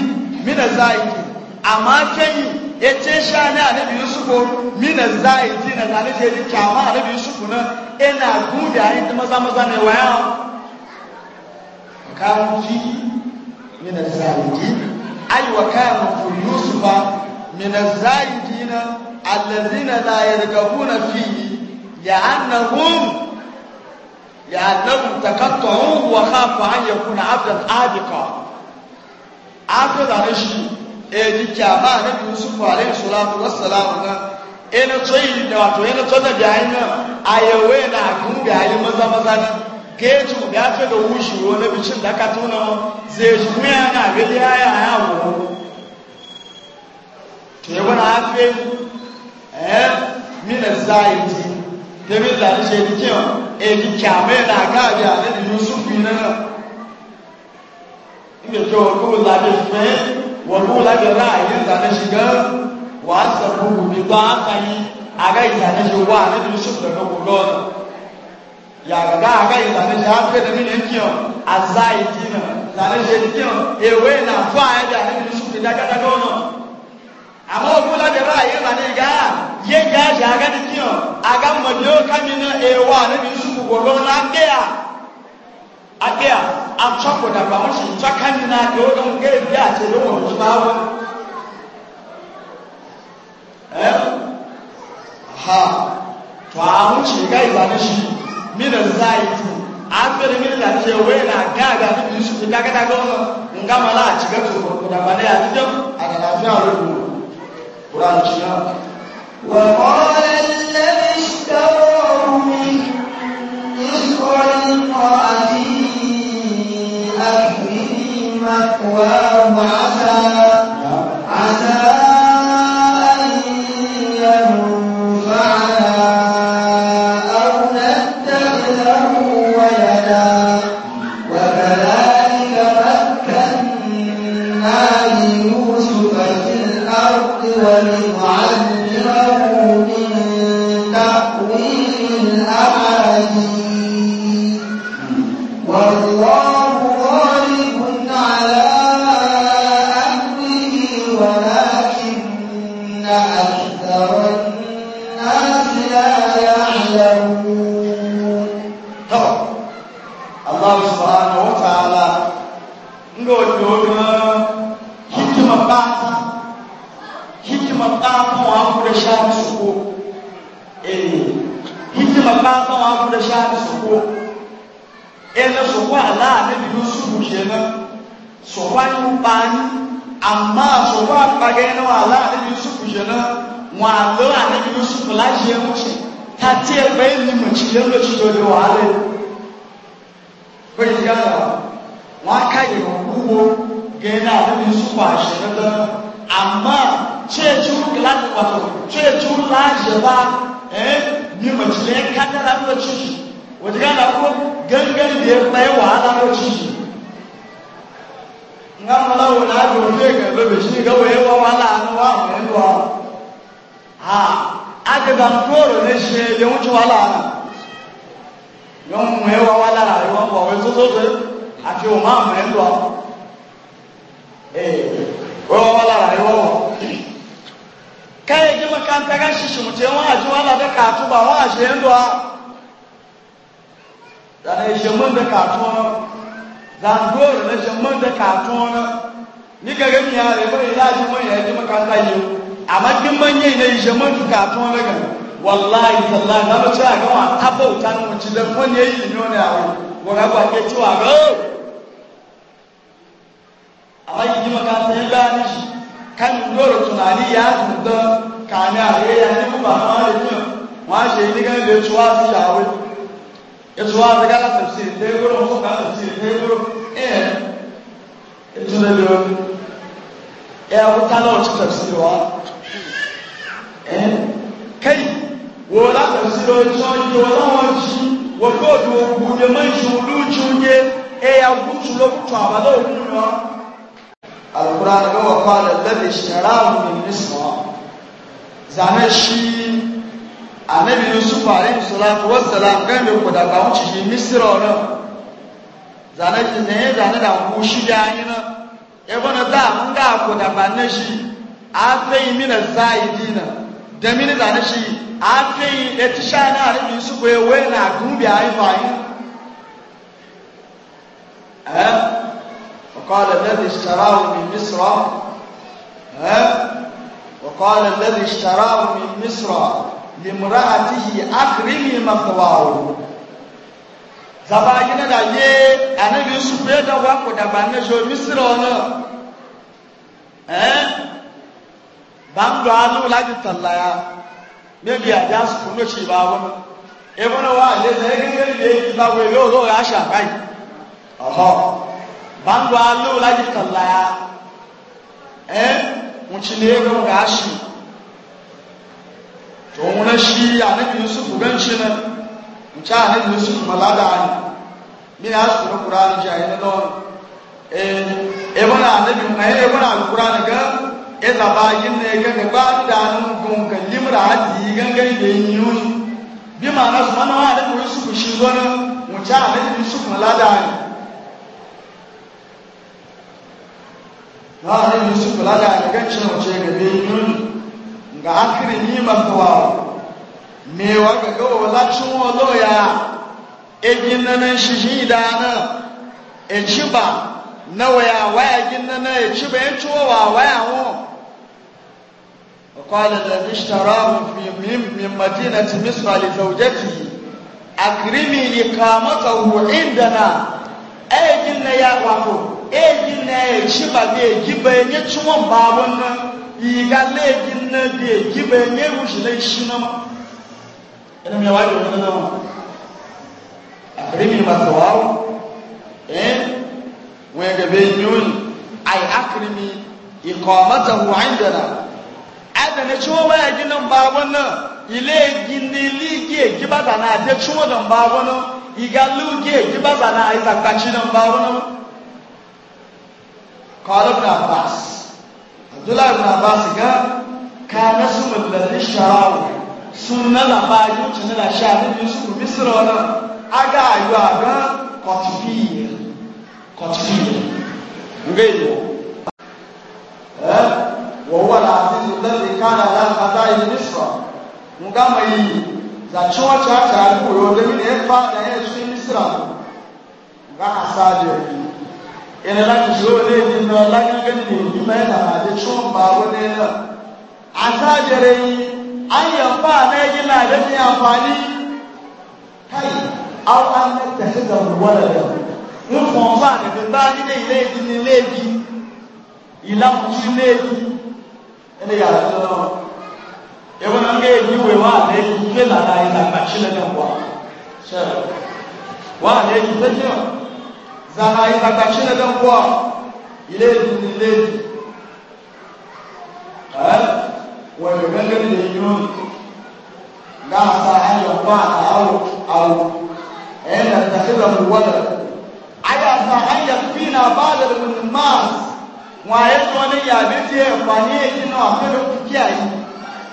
min zaidi amma kai yace sha ne annabi yusufu min zaidi na zane je kyawa annabi yusufu na ina guda yin maza maza ne waya kan fihi min zaidi ai wa kan fi yusufa min zaidi na alẹ́zínà láyé rẹ̀gàbú na fi yàánàhùn yàánàhùn takàtọ̀ ń wà káfà áyẹ̀kùn na afẹ́ àdìkọ̀ afẹ́ zane shi èyí kyàmá níbi yusufu alayhi salatu wassalamu na ẹni tó yìí da wato ẹni tó dàbí ayé náà ayẹwé na àkùn bí ayé maza maza ni geji bí a da wushi wo bicin da aka tuna zai shi kuma yana gani ya yi a to yi wani afẹ́ ẹ́ mílẹ̀ záìdì tẹ́bí ìlànà ṣe ní kíọ̀ èyí kàmẹ́ náà káàdì àlejò yusuf náà ìgbẹ̀jọ́ ọkọ̀ làbí fẹ́ wọ́n kó lábẹ́ ráàyè ìlànà ṣe gan wàá sọ̀rọ̀ òmìnira àkàyí àgá ìlànà ṣe wà àlejò yusuf lọ́kọ̀ kò lọ́ọ̀nà yàgàgà àgá ìlànà ṣe àfẹ́lẹ́ mílẹ̀ kíọ̀ àzáìdì náà ìlànà ṣe ní kíọ̀ èwe náà fún àyájọ́ àlejò yusuf amma kula da ra'ayin ranar ga yin gashi a gani kiyo a ga mabiyo kami na ewa na bin su gogoro na ɗaya a ɗaya a cakko da ba mashi cakani na ke wajen gai biya ce don wani ba wa ha to a wuce gai ba na shi mina zai tu a tsere mina da ce wai na gaga na bin su fita ga daga wani in gama na a cigar su da ba na yaji don a ga lafiya wani قرآن وقال الذي اشتراه من مصر لامرأته أكرمي مثواه عسى ndo ndono hikima bata hikima bata wakuda shati suku eh hikima bata wakuda shati suku ene suku ala ne bi suku kena suku ayu bani amma suku apage ne ala ne bi suku kena wa ala ne bi suku la je mu ta tie pe ni mu chi le lo do wa le ko ji ga wọn aka yẹ wúwo gẹ́gẹ́ náà lẹ́nu sùpà àṣẹ dandan àmọ́ tíyẹ̀tì gíláàsì pàtó tíyẹ̀tì láàyè bá ẹ̀ ní mọ̀tìlẹ̀ kádàrà ló ti yìí òjìká náà kó gẹ́gẹ́ lè pẹ́ wàhálà ló ti yìí. nga mala wo na do ne ga lo be shi ga we wa wala no wa me do ha aga ga ntoro ne she ye mu wala na yo mu we wa àti òun máa mẹ́ lọ wọ́n wọ́n lára ẹwọ́ wọn káyẹ̀ jẹ́ makanta ká ṣiṣù tí wọ́n àti wọ́n lábẹ́ kàtúbà wọ́n àti ẹ̀ ń lọ dàdà ìṣẹ́ mọ́ndẹ̀ kàtún ọ́nà zandoro na ìṣẹ́ mọ́ndẹ̀ kàtún ọ́nà ní gẹ́gẹ́ mi yà rẹ̀ bẹ́ẹ̀ láti mọ́ ìyẹn jẹ́ makanta yìí àmọ́ kí mọ́ nyẹ́ ìdẹ ìṣẹ́ mọ́ndẹ̀ kàtún ọ́nà gan wàláyé tàláyé lọ́dọ̀ tí a gan wà tábọ̀ òtánù ti lẹ́ fọ́nyẹ́ yìí ní ọ̀nà àwọn wọ́n amma yi makaranta ya gani shi kan dole tunani ya zunda kani a yi ya ni kuma ma da kyau ma shi ni kan da tuwa su yawo ya tuwa da kala tafsir ta yi gurin ko kala tafsir ta yi gurin eh ito da biyo ya wuta na wacce tafsirwa eh kai wala tafsirwa tsohon yi wala wanci wakodo ogun ne man shi olu ci oge eh ya gutu lokutu abada ogun ne wa alquran ga wa qala alladhi ishtarahu min misra zana shi annabi yusuf alayhi salatu wassalam kan da ku da bawo ci misra na zana shi ne zana da ku shi da ni na e bana da mun da ku da ban shi afai min zaidina da min zana shi afai da tishana annabi yusuf ya wai na gumbi ayi fa eh وقال الذي اشتراه من مصر ها وقال الذي اشتراه من مصر لامرأته أكرمي مثواه zabagina da ye anabi yusuf ya da wa ko da ban jo misra ono eh ban do anu la di tallaya ne biya ja su kuno ci ba wono e wono wa le zai gangare da yake ba ko yo zo ya sha kai aha bandu la laji kalla eh muci ne ga gashi to wani shi annabi yusuf gan shi nan muci annabi yusuf malada ne min asu da qur'ani ji ayi na eh e bana annabi na e bana alqur'ani ga e da ba yin ne ga ga ba da nun gun ga limra hadi gangan da yin yun bi ma na subhanahu wa ta'ala yusuf shi gona muci annabi yusuf malada ne ranar yusuf lada ga cewa ce ga bayin ga akirin yi makawa mewa ga gawa lacin walo ya egin na nan shi shi da na e ci ba na waya waya gin na na e ci ba yan ciwo wa waya wo وقال الذي اشتراه في من مدينة مصر لزوجته أكرمي إقامته عندنا أي جنة يا وفوق eji na ejiba na ejiba enye chụwa mba abụ nna yiga na eji nna dị ejiba enye wushi na ishi na ma ina mi yawa jirgin na ma a kirimin masu wawo eh wani gabe yiwuyi ai akirimi ikomatahu indana adana chụwa ma eji na mba abụ nna ile eji na ile igi eji da na adị chụwa na mba abụ nna yiga lu igi eji da na aịzakpachi na mba abụ nna قال ابن عباس عبد الله بن عباس قال كان اسم الذي اشتراه سنة لباجو سنة لشاهد يوسف مصر ولا أجا يوغا قطفية قطفية غيره أه؟ وهو العزيز الذي كان على الخزائن مصر مقام ايه za cewa ta ta ko yo da mine fa da yesu misra ga asaje yana lati zuwa ne yin na lati gani ne yi mai na da cin ba wani na a sajere yi an yamfa na yi na da ne amfani kai aw an ne ta hida wala da mun fọn ba da ta ta ni ne ile yi ni lebi ila mu ci lebi ene ya ta na ebe na ga yi we wa ne yi ke la da ina ba ci na kan wa wa ne yi ta ce zaha yi zagba shi na dan kuwa ile yi ile yi wani ganin da yi nun ga sa hanyar ba a awo awo ɗayan da ta shi da muwadar aya sa hanyar fina ba da rubin mas waye wani yabe ce amfani ya gina wasu da kukiyayi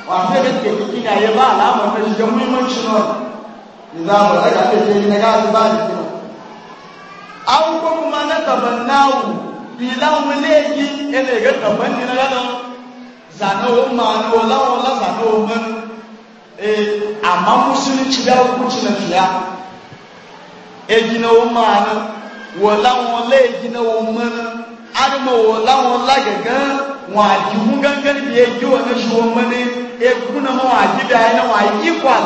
wasu da ke kiyaye ba alamar da shi da muhimmancin wani za mu daga ce na gasu ba da kina an ko kuma na tabannawu bilan mu leji ene ga tabanni na gano zanawo ma no la wala zanawo man eh amma musulunci da hukunci na fiya ejina wo ma na wala wala ejina wo man adama wala wala gaga wa jihun gangan biye jiwa na shi wo man e, e kuna ma wa jiba na wa yi kwal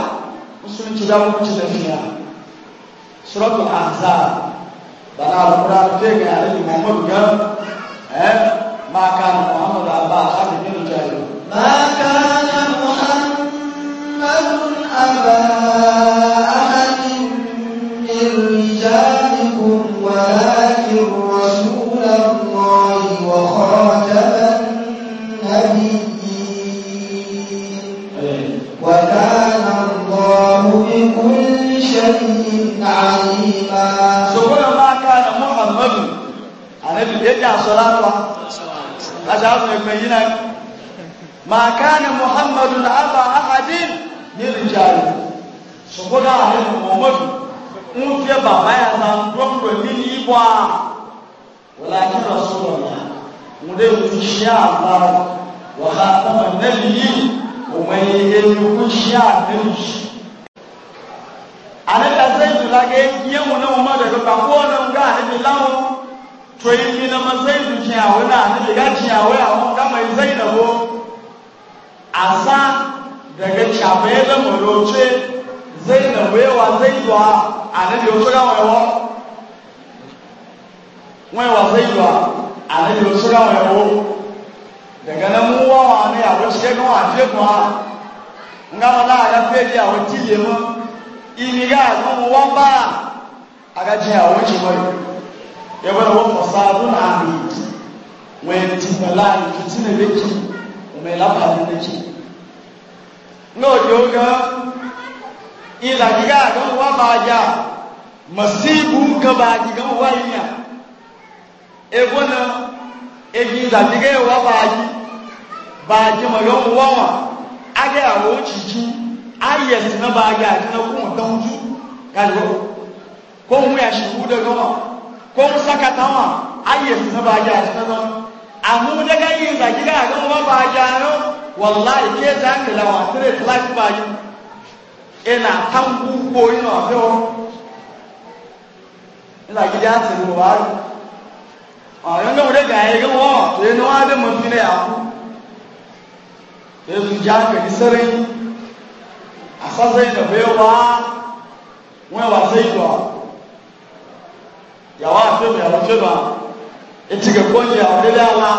musulunci da hukunci na fiya suratul ahzab bana alukura ke ga ale ni eh gan ɛ maa kan gbogbo inú àfẹ́ wọn nígbà gidi á ti wọ̀ wáyé ọ̀yọ́ náà rẹ̀ wọ́n tó inú wá dé mọ̀tún ilẹ̀ àkú èsù já kẹ̀kí sẹ́rẹ̀ àsọ́sẹ́ ìjọba wá wọ́n wà sí ìjọ yàwó àfẹ́mi yàwó tẹ́lọ etí kẹ̀kọ́ ní yàwó délé àwa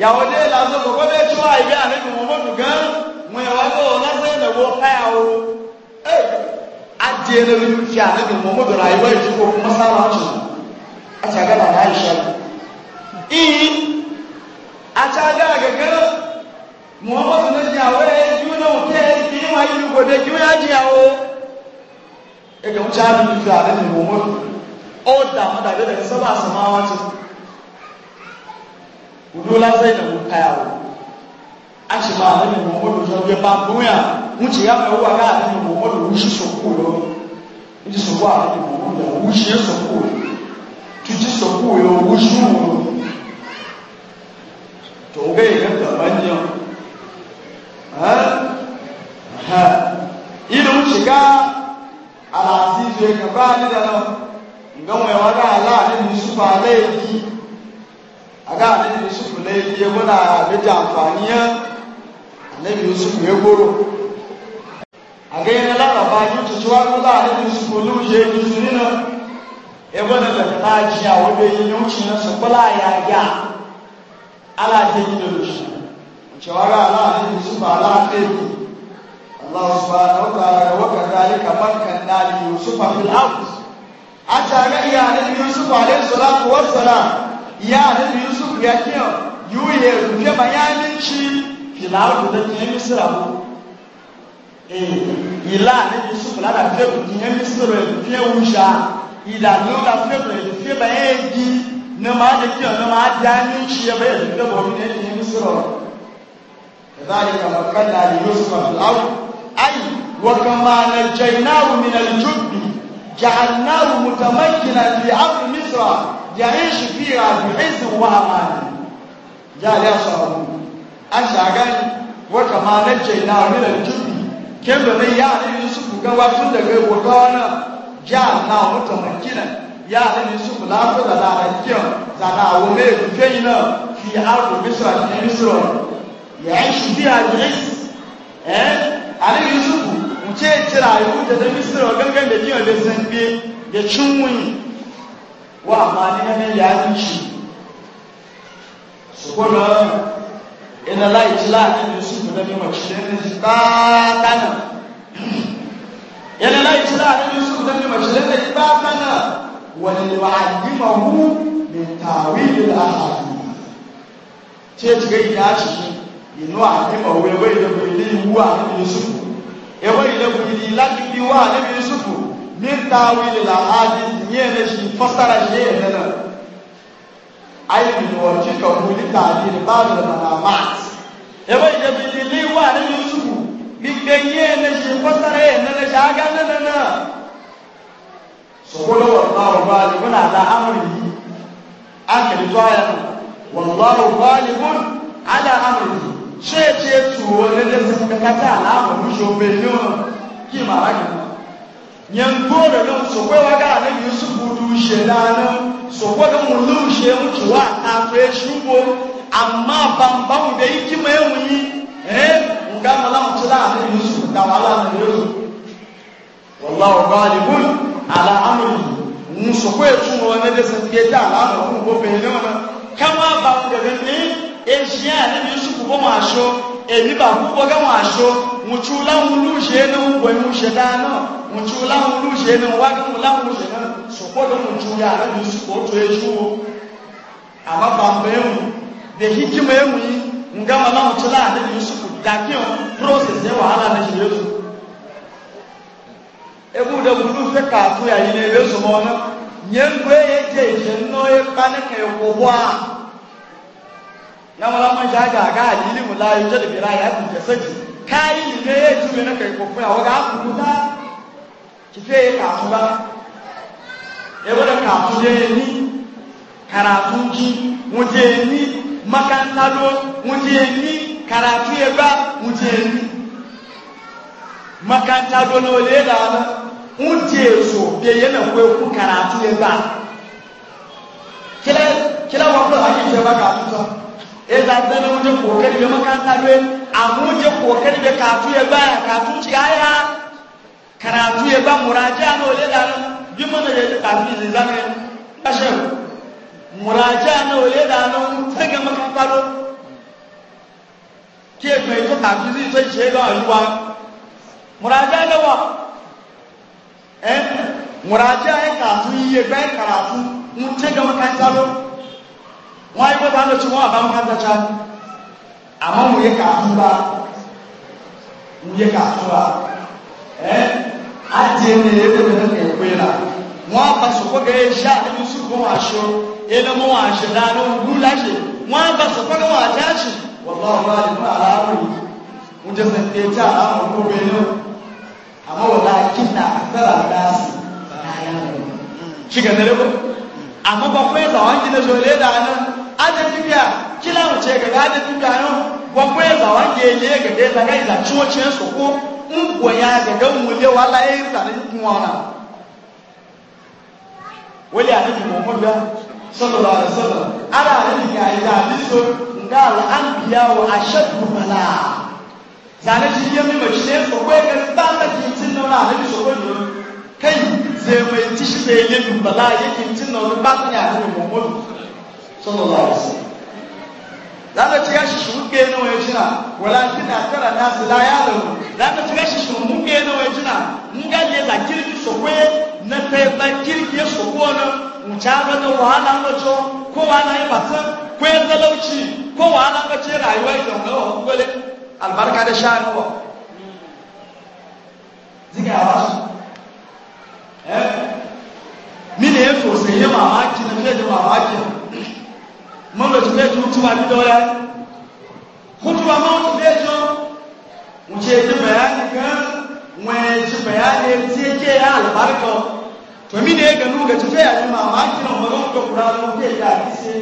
yàwó délé làásọ̀ kọ̀kọ́ bẹ́ẹ̀ tí wọ́n àìbí àlejò wọn mọ̀tún gan wọ́n yàwó àgbẹ̀wò lásán ìdàgbò ajiye na zuci a nufin muhammadu rayuwar shi ko kuma samun a cagaba na aisha in a caga gaga muhammadu na jawo ya yi juna wuce ya yi yi wani yi gode kiwo ya jawo ya ga wuce abin da zuwa nufin muhammadu o da mada da daga sama samawa ce Udola zai da mu kayawa ashima anabi muhammadu zɔ yɛ ba bonya ŋutsu ya fɛ wa ka anabi muhammadu wusi sɔku yɔ ŋutsu sɔku anabi muhammadu yɛ wusi yɛ sɔku yɛ tuti sɔku yɛ wusi wɔ tɔ o bɛ yɛlɛ gaba nyɛ o hɛ hɛ yiri ŋutsu ka alaasi zɛ kaba ale da lɔ nga ŋun wa ka ala ale nusu fa ale yi a ka ale nusu fa ale na a bɛ nabi yusuf ya goro a gani na laraba yi tutuwa ko za a nabi yusuf olu je yi zunina ya gwada da ta jiya wanda yi yauci na su kula ya ya ala ta yi da rushe cewa ga ala nabi yusuf ala ta yi Allah subhanahu wa ta'ala wa kadhalika makkan dali yusuf fil ardh ata ga iya nabi yusuf alayhi salatu wassalam ya nabi yusuf ya kiyo yuye rufe bayanin shi fìlà àgùdẹ kìí mi síra mọ ee ìlà ní yusuf lára fíìmù kìí mi síra fíìmù ṣá ìlà lóra fíìmù fíìmù ẹ̀ di ní ma jẹ kí ọ̀nà ma dá ní ṣe ẹ̀ bẹ́ẹ̀ fíìmù mi ní kìí mi síra ìlà yìí kàmá kàdà ní yusuf àfìláwù ayi wọ́kàmánà jẹ́ ináwó mi nà lùjọ́bì jàǹnáwó mùtàmákìnà fi àfìmísra yàrá ìṣ جعل يشعر ashagan wa kama najjayna min al-jubbi kin da ne ya ne Yusuf ga wasu daga wagana ja na mutum makina ya ne Yusuf la ko da la hakiyo za na wo me kaina fi ardu misra fi misra ya'ishu fiha al-is eh ali Yusuf mu ce tira yu da misra gangan da kiyo da zambe da cinwuni wa amani ne ya yi shi su kuma ina lai ci la ne yusuf da ne mace da ne shi kana ina lai ci la ne yusuf da ne mace da ne ba kana wani wa'adimahu min tawil al-ahadith ce ci gai ya ci inú àdìmọ̀ wo ewé ìlẹ́kùn ilé ìwú àdìmọ̀ yusufu ewé ìlẹ́kùn ilé ìlàdìmọ̀ ìwú àdìmọ̀ yusufu ní ta wílì làhádìí ní ẹ̀rẹ́ sí fọ́sára sí ẹ̀rẹ́ náà aiki da warci ka huli ta ne ba da manama ya bai da bilili wa ne yusufu liganye na shi kwasare na na shaga na na na so kola wallahu ghalibun ala amrihi akali to aya wallahu ghalibun ala amrihi she ce tuwo ne da sun kata ala amru shobe ne ki maraka nyangoro no sokwe waga ne yusufu dushe dano sokwe ga mulushe mutuwa na freshubo amma bambam da yiki mai muyi eh nga mala mutula ne yusufu da wala ne yusufu wallahu ghalibun ala amri mu sokwe wa ne da sanke da ala ko ko pe ne kama ba da ne ezia ne yusufu bɔ wɔn aso eni baako bɔ gɛ wɔn aso ŋutsu la ŋu lu zie ne ŋu bɔ ŋu zie daa nɔ ŋutsu la ŋu lu zie ne wa ŋu la ŋu zie ne sɔkpɔ do ŋutsu ya ne yusufu o to ezu wo ama bamba eŋu de hikima eŋu yi ŋgama la ŋutsu la ne yusufu dake o prosese wahala ne zie zu ebu de ŋu lu fɛ kaafu ya yi ne ezu mɔ ne nye ŋgoe ye dze dze nɔ ye pa ne ke ko bɔ a na wala man ja ga ga ilimu la yuje da bira ya kun jasaji kai ni ne ya jume na kai ko fa waga ku ta ki fe ka su ba e wala ka su je ni karatu ki mu je ni makanta lo mu je ni karatu e ba mu je ni makanta lo no le da na mu je so be yana ko ku karatu e ba kila kila wa ko e za ta na wajen kokari da makaranta ne a wajen kokari da kafu ya baya kafu ciyaya karatu ya ba muraja na wale da nan bi mana ya ta kafu zai zama muraja na wale da nan ta ga makaranta ne ke mai ta kafu zai zai ce ga ayuwa muraja na wa eh muraja ya kafu ya bayan karatu mun ta makaranta ne wọn ayé pẹ́ta lọ́tí wọn ba mọ́kàntàchá àmọ́ mú ya ka fún bá mú yẹ ká fún bá ẹ́ àti ẹni ẹgbẹ́ mẹ́rin kẹ̀ pé rà wọn bá sọ̀kọ́ gẹ̀ẹ́ ṣá ẹni sùkọ́ wọn aṣọ ẹni mọ́ wọn aṣẹ dáná wú láṣẹ wọn bá sọ̀kọ́ gẹ̀ẹ́ wọn àti àṣì wọ́n bá wọn láti fún aláàrùn yìí wọ́n jẹ́ sẹ́ ada bibia kila wuce ga ada bibia no gwagwe za ne ga dai za ga ko ya ga dan mule wala e za wali a nabi sallallahu alaihi wasallam ala ya ya biso nga al anbiya wa ashaddu bala zane shi yemi mashine so ko ga tsanda kitin no na nabi so ko kai zai mai tishi sai yin bala yake tin no ba ta ya sallallahu alaihi wasallam zaka ci gashi shi muke na waye jina walakin akara nasu la ya lamu zaka ci gashi shi muke na waye jina mun ga je za kirki so kwe na kai ba kirki so ko na mu ta ga na wahala wato ko wahala ya batsa ko ya zalauci ko wahala ba ce rayuwa idan ga wa gole albarka da sha'ani wa zigawa eh mine ya so sai ya mamaki na fiye da mamaki manotiletu hutuba bidoya hutuba manotiletu muceji bayani kan mweci bayani tieke ya albarka to mi ne ga nuga tafe ya ni mamaki na magan ka kura mu ke ya kise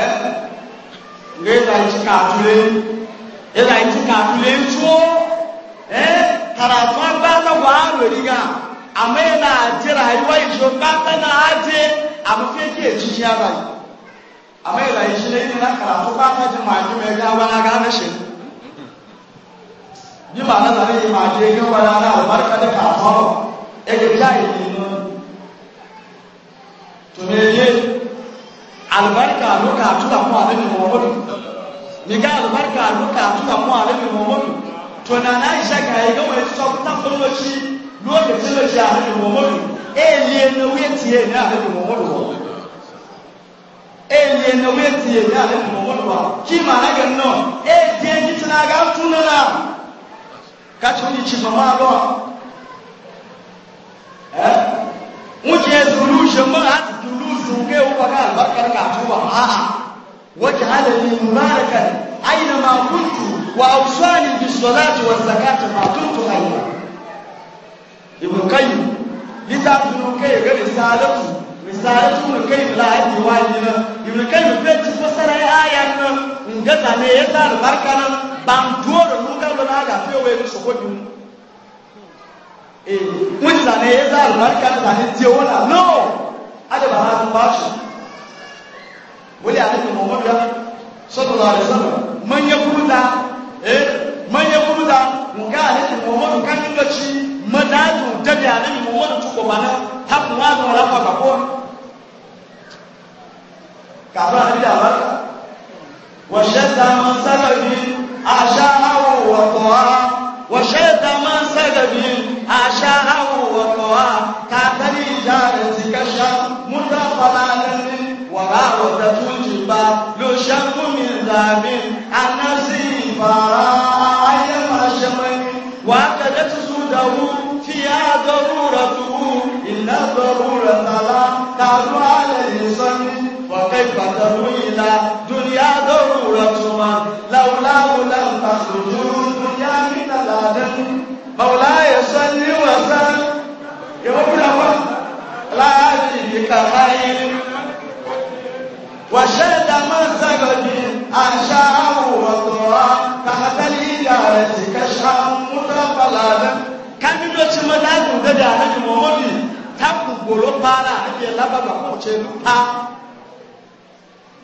eh ngai da ci ka tule e da ci ka tule tuo eh karatu ba ta wa riga amma yana jira yi wai zo ba ta na aje amma ke ke ci ya bai amma ilayi shi ne na karatu ba ta ji maji mai gawa na gane shi ni ma na zane yi maji ya gawa na na albarka da kasuwa ya ga jayi ne to me ye albarka luka tuka mu alabi muhammadu ni ga albarka luka tuka mu alabi muhammadu to na na isha ga ya gawa ya tsawo ta kullo shi lokacin da shi alabi muhammadu eh liye na wuya tiye ne alabi muhammadu ele na weti ya ne muhammadu ba ki ma na ga no e je ni tana ga tuna na ka ci ni ci mama lo eh mu je zulu jama at zulu zuke u ba ga barkar ka tu ba a a waj'alni mubarakan aina ma kuntu wa awsani bis salati waz zakati ma kuntu hayya ibn qayyim litafinu kai ga risalatu risale tun kai la hadi wani na ibn kai be ci fasara ya ayan na nga ta ne ya ta barka na ban doro mu ka ba ga fe we ko ko bi eh mu ci ne ya ta barka ta ne je wala no ada ba ha ba shi wali annabi muhammad ya sallallahu alaihi wasallam man yakuda eh man yakuda mu ga annabi muhammad kan lokaci madadu dabi annabi muhammad ko bana ta kuma ga rafa ka ko kàbá àdídà bàtà wọ̀ṣẹ́ ta máa ń sábẹ̀ bí àṣà àwọ̀ wọ̀kọ̀ á wọ̀ṣẹ́ ta máa ń sábẹ̀ bí àṣà àwọ̀ wọ̀kọ̀ á kàtàrí ìyá rẹ̀ ti kẹ́ṣà mútà fọláńdẹ́ni wàrà àwọ̀tẹ́ tó ń jìbá ló ṣe ń fún mi dàbí anásí ìfàrà ayé máa ṣe mẹ́ni wàá kẹ́lẹ́ tuntun dàwú fìyà dọ́rù rẹ̀ tuwú ìlà rẹ̀ tàlá tàlú ayé. وكيف تمويلا دنيا ضرورتما لولاه لم تخرجوا الدنيا من العدن مولاي صل وسلم يقول لا بك خير وشد من سجد أنشاه وطوى تحت الإدارة كشفا متقلدا كان من وجه مدار مدد على محمد تبقى قلوب على أجل لبابا موجه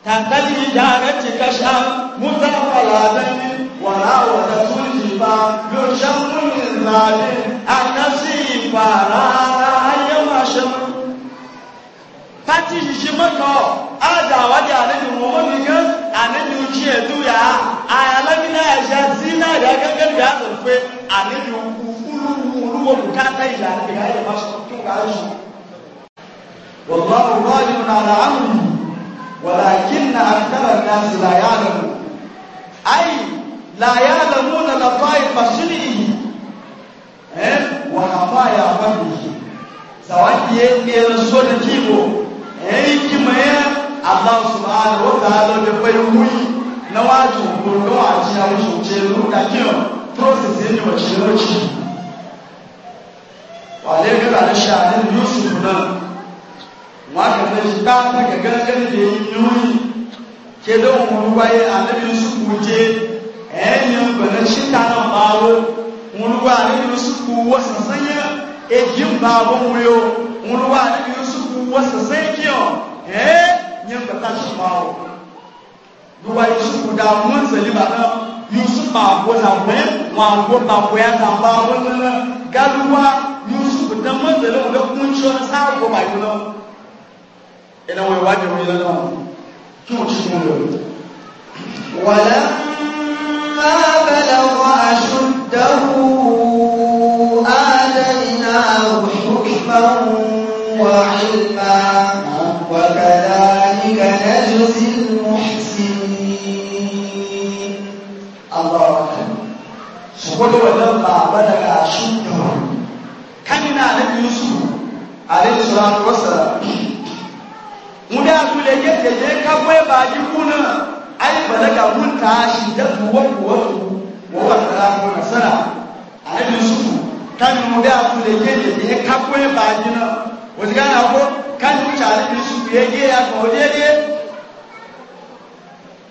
تنتهي جارتك شهر متفلا دين ولا ولد الجبال يرشق من ظالم النفسي فرانا أيما شمر fati ṣiṣi mọ́tọ̀ áàdà àwájà àlejò mọ́mọ́ nìkan àlejò ojú ẹ̀dú yá àyàlẹ́mínà ẹ̀ṣẹ́ sí náà yá gẹ́gẹ́ bí a sọ̀rọ̀ pé àlejò olúwo olúwo bùkátà ìlànà ìgbà yẹn máa ṣe tó ká wọ́n bá wọn lọ́ọ́ yìí nàrà ولكن أكثر الناس لا يعلمون أي لا يعلمون لطائف شرعه وخفايا فمه سواء يدير الصوت كيبو أي كما الله سبحانه وتعالى يقول na watu kuondoa ajira uchocheru lakini process yenye wacherochi walevyo anashaanin yusufu wàhálà ṣe bá gàgàgàgà ní èyí nyóyì kéde òun wáyé alẹ́bi nsukku jẹ ẹ̀yìn gbẹ̀rẹ̀ ṣíta náà báwo wọn wá alẹ́bi nsukku wọ sẹ̀sẹ̀ yẹ èyí báwo wíwọ wọn wá alẹ́bi nsukku wọ sẹ̀sẹ̀ yẹ ọ ẹ̀ nyẹ gbẹ̀ta ṣe báwo wọn wá yusufu dá wọn sẹ̀lẹ̀ bàtà yusufu àgbo làwẹ̀ wọn àgbo bàbọ̀ yà tà báwo nínú galuwa yusufu dá wọn sẹ̀lẹ̀ wọn bẹ sáà ina wai waje wani zan zama kyau cikin wani walamma balagha ashuddahu atainahu hukman wa ilma wa kadhalika najzi almuhsinin Allahu akbar su kwado wannan ba balaga ashuddahu kan na da Yusuf alaihi salatu wassalam muda su da yadda je ka kwai ba ji kuna ai ba daga mun ta shi da kuwa kuwa su wa wa salamu nasara a yi su kan muda su da yadda je ka ba ji na wasu gana ko kan wuce a yi su ya ge ya kawo daidai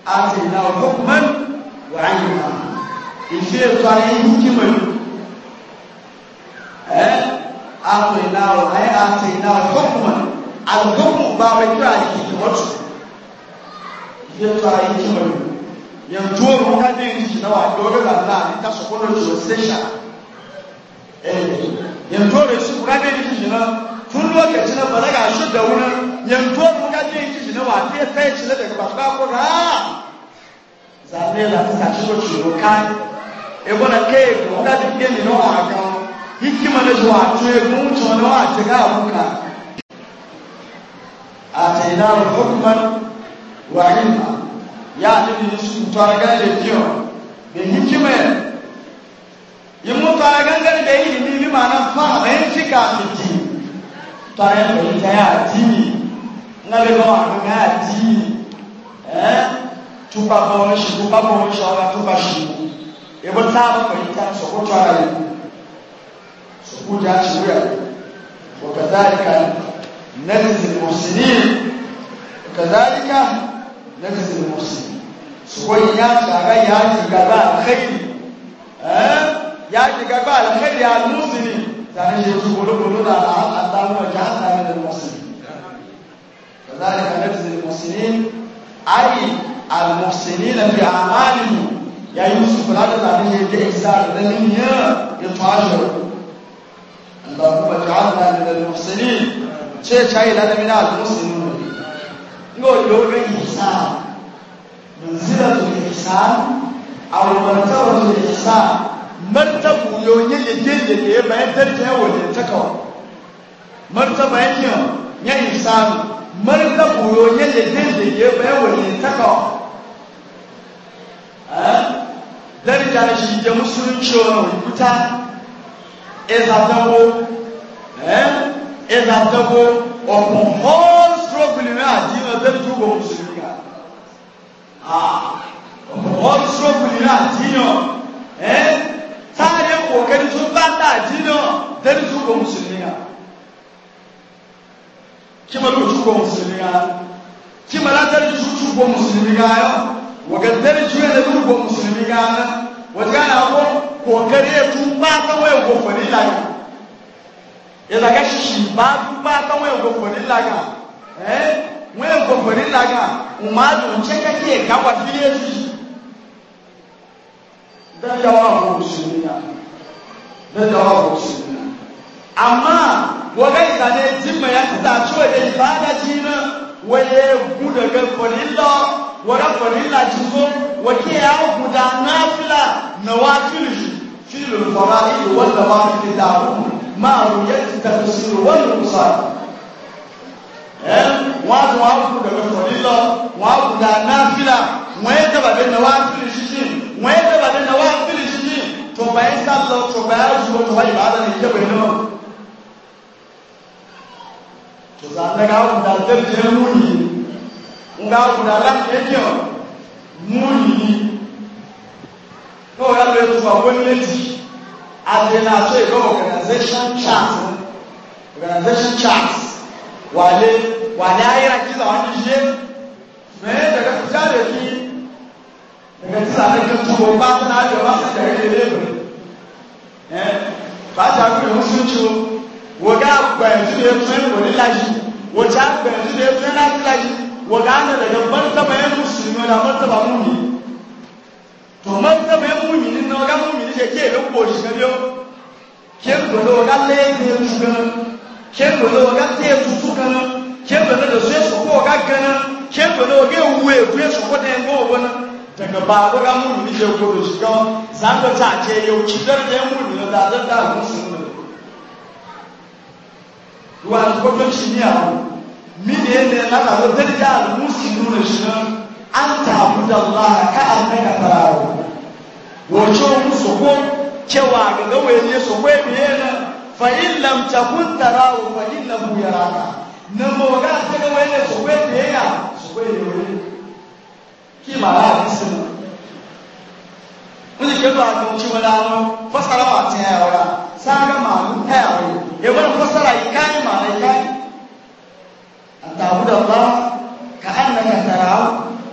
a ce na hukuman wa an yi ma ishe tsarin hikimar eh a ce na wa ai a ce na hukuman alhukmu ba mai kira da hikimatu yadda a yi kimar yanzu wani wuta ne yin shi na wato wani zanna ne ta su kuna sosai sha yanzu wani su wuta ne yin shi na tun lokaci na balaga shi da wani yanzu wani wuta ne yin shi na wato ya tsaye shi na daga ba ba ko na zane la ta shi ko shi ko kan e bona ke ko da abuka آتيناه حكما وعلما يعني يوسف تارغان لكيو بالحكمة يمو تارغان غير بعيد من بمعنى فاهم في كافي tọ́rẹ́ pẹ̀lú jẹ́ àdínì lọ́lẹ́lọ́ àrùn àdínì ẹ́ tó bá bọ́ wọn ṣe tó bá bọ́ wọn ṣe ọba tó bá ṣe wò ẹgbẹ́ táàbà pẹ̀lú tá a sọ̀kọ́ tó ara rẹ̀ sọ̀kọ́ jẹ́ àṣìwé àgbẹ̀ ọ̀gá dáìka نجزي المحسنين وكذلك نجزي المحسنين سوي ياتي على ياتي كذا الخير ياتي كذا الخير يا المحسنين يعني يقول قولون الأعلام وجعلنا من المحسنين كذلك نجزي المحسنين أي المحسنين في أعمالهم يا يوسف لا تتعلم يجعزار لن يطاجر اللهم اجعلنا من المحسنين shesha ila da mina al-muslimu ngo yo ga ihsan manzilatu ihsan aw martabatu ihsan martabu yo ne ye je ne ye ba yadda ta yawo ne ta kawo martaba yake ya ihsan martabu yo ne ye je ne ye ba yawo ne ta kawo eh daraja shi da ɛna dɔbɔ ɔpɔ all struggle mɛ adi mɛ bɛri tó wɔn musulmi ka aa ɔpɔ hɔn strɔgili mɛ adi yɔ ɛ taare kɔ kɛri tó bá ta adi yɔ bɛri tó wɔn musulmi ka kima ló tó wɔn musulmi ka kima la bɛri tó tó wɔn musulmi ka yɔ wɔkɛ bɛri tó yɛ lɛ tó wɔn musulmi ka wɔdi ka na wɔ kɔ kɛri yɛ tó bá ta wɔ yɛ yadda ka shi ba ba ta wayan gogonin laga eh wayan gogonin laga umaru ce kake ka wa fiye shi da yawa ko musulmiya da yawa ko musulmiya amma waga izane jimma ya ta ciwo da ibada ji na waye guda ga kolilla wara kolilla ji ko wake ya guda nafila na wafil shi shi lulfara ilu wanda ba su ke da máa ròyẹ́ ti tẹ̀sí sí wọ́n ló ń sọ ẹ̀ wọ́n á tún wọ́n á fún dẹ̀mẹ́ fọ̀ lílọ wọ́n á fún dà náà fílà wọ́n yẹ dábàdé náà wá fílì ṣíṣì wọ́n yẹ dábàdé náà wá fílì ṣíṣì tọ̀bà ẹ̀ sá lọ tọ̀bà ẹ̀ ṣùgbọ́n tọ̀bà yìí bàá dáná ìjẹ́bẹ̀ náà. tòzà nẹ́gà wọ́n dà dẹ́bìtì ẹ̀ mú yìí nga wọ́n dà láti ẹ̀jẹ̀ mú yìí náà wọ́n yà lọ́ọ́ I've been at a organization chart. Organization chart. Wale, wale ayira kiza wani je. Me daga fita da ki daga tisa da ka tubo ba ta na da ba ta da ke ne ba. Eh, ba ta ku musu ciwo. Woga gbanzu da tun wani laji. Wata gbanzu da tun laji laji. Woga na daga ban taba yin musulmi na ban taba muni tòmọ́tò bẹ́ẹ̀ mú mi nínú ọ̀gá mú mi níṣe kí èmi kò ṣiṣẹ́ bí ó kí èmi lọ́dọ̀ ọ̀gá léèdè ẹ̀ṣù gan kí èmi lọ́dọ̀ ọ̀gá tí ẹ̀ṣù tún gan kí èmi lọ́dọ̀ sí ẹ̀ṣù kó ọ̀gá gan kí èmi lọ́dọ̀ ọ̀gá ewu èkú ẹ̀ṣù kó dẹ̀ ń mú mi níṣe kó Anta ta'budu Allah ka annaka tarahu wace ku so ko cewa ga gawe ne so ko biye na fa in lam takun tarahu fa innahu yaraka na mo ga ta gawe ne so ko biye ya so ko biye ki ma ra bisu mun ke ba mun ci wala no fasara ma ta ya wala sa ga ma mun ta ya wala ya wala fasara ikai ma ikai an ta'budu ka annaka tarahu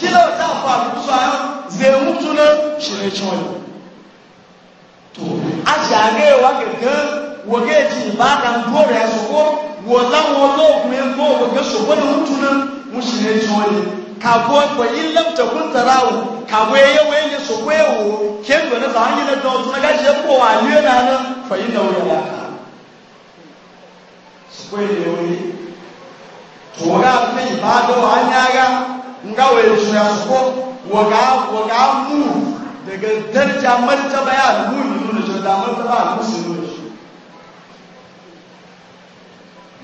kila ta faru su a zai mutu na shine cewa to a wa gangan wage ji ba dan dore ya soko wallan wallo kuma ko wage so wani mutu na mu shine cewa ka ko ko in lam ta kun tarawo ka ko ye we ne so ko wo ken do na ba ni na do na ga je ko wa ne na na nga wezu yanko wagamu daga darja martaba ya almuni nuna shi da martaba almusulmi shi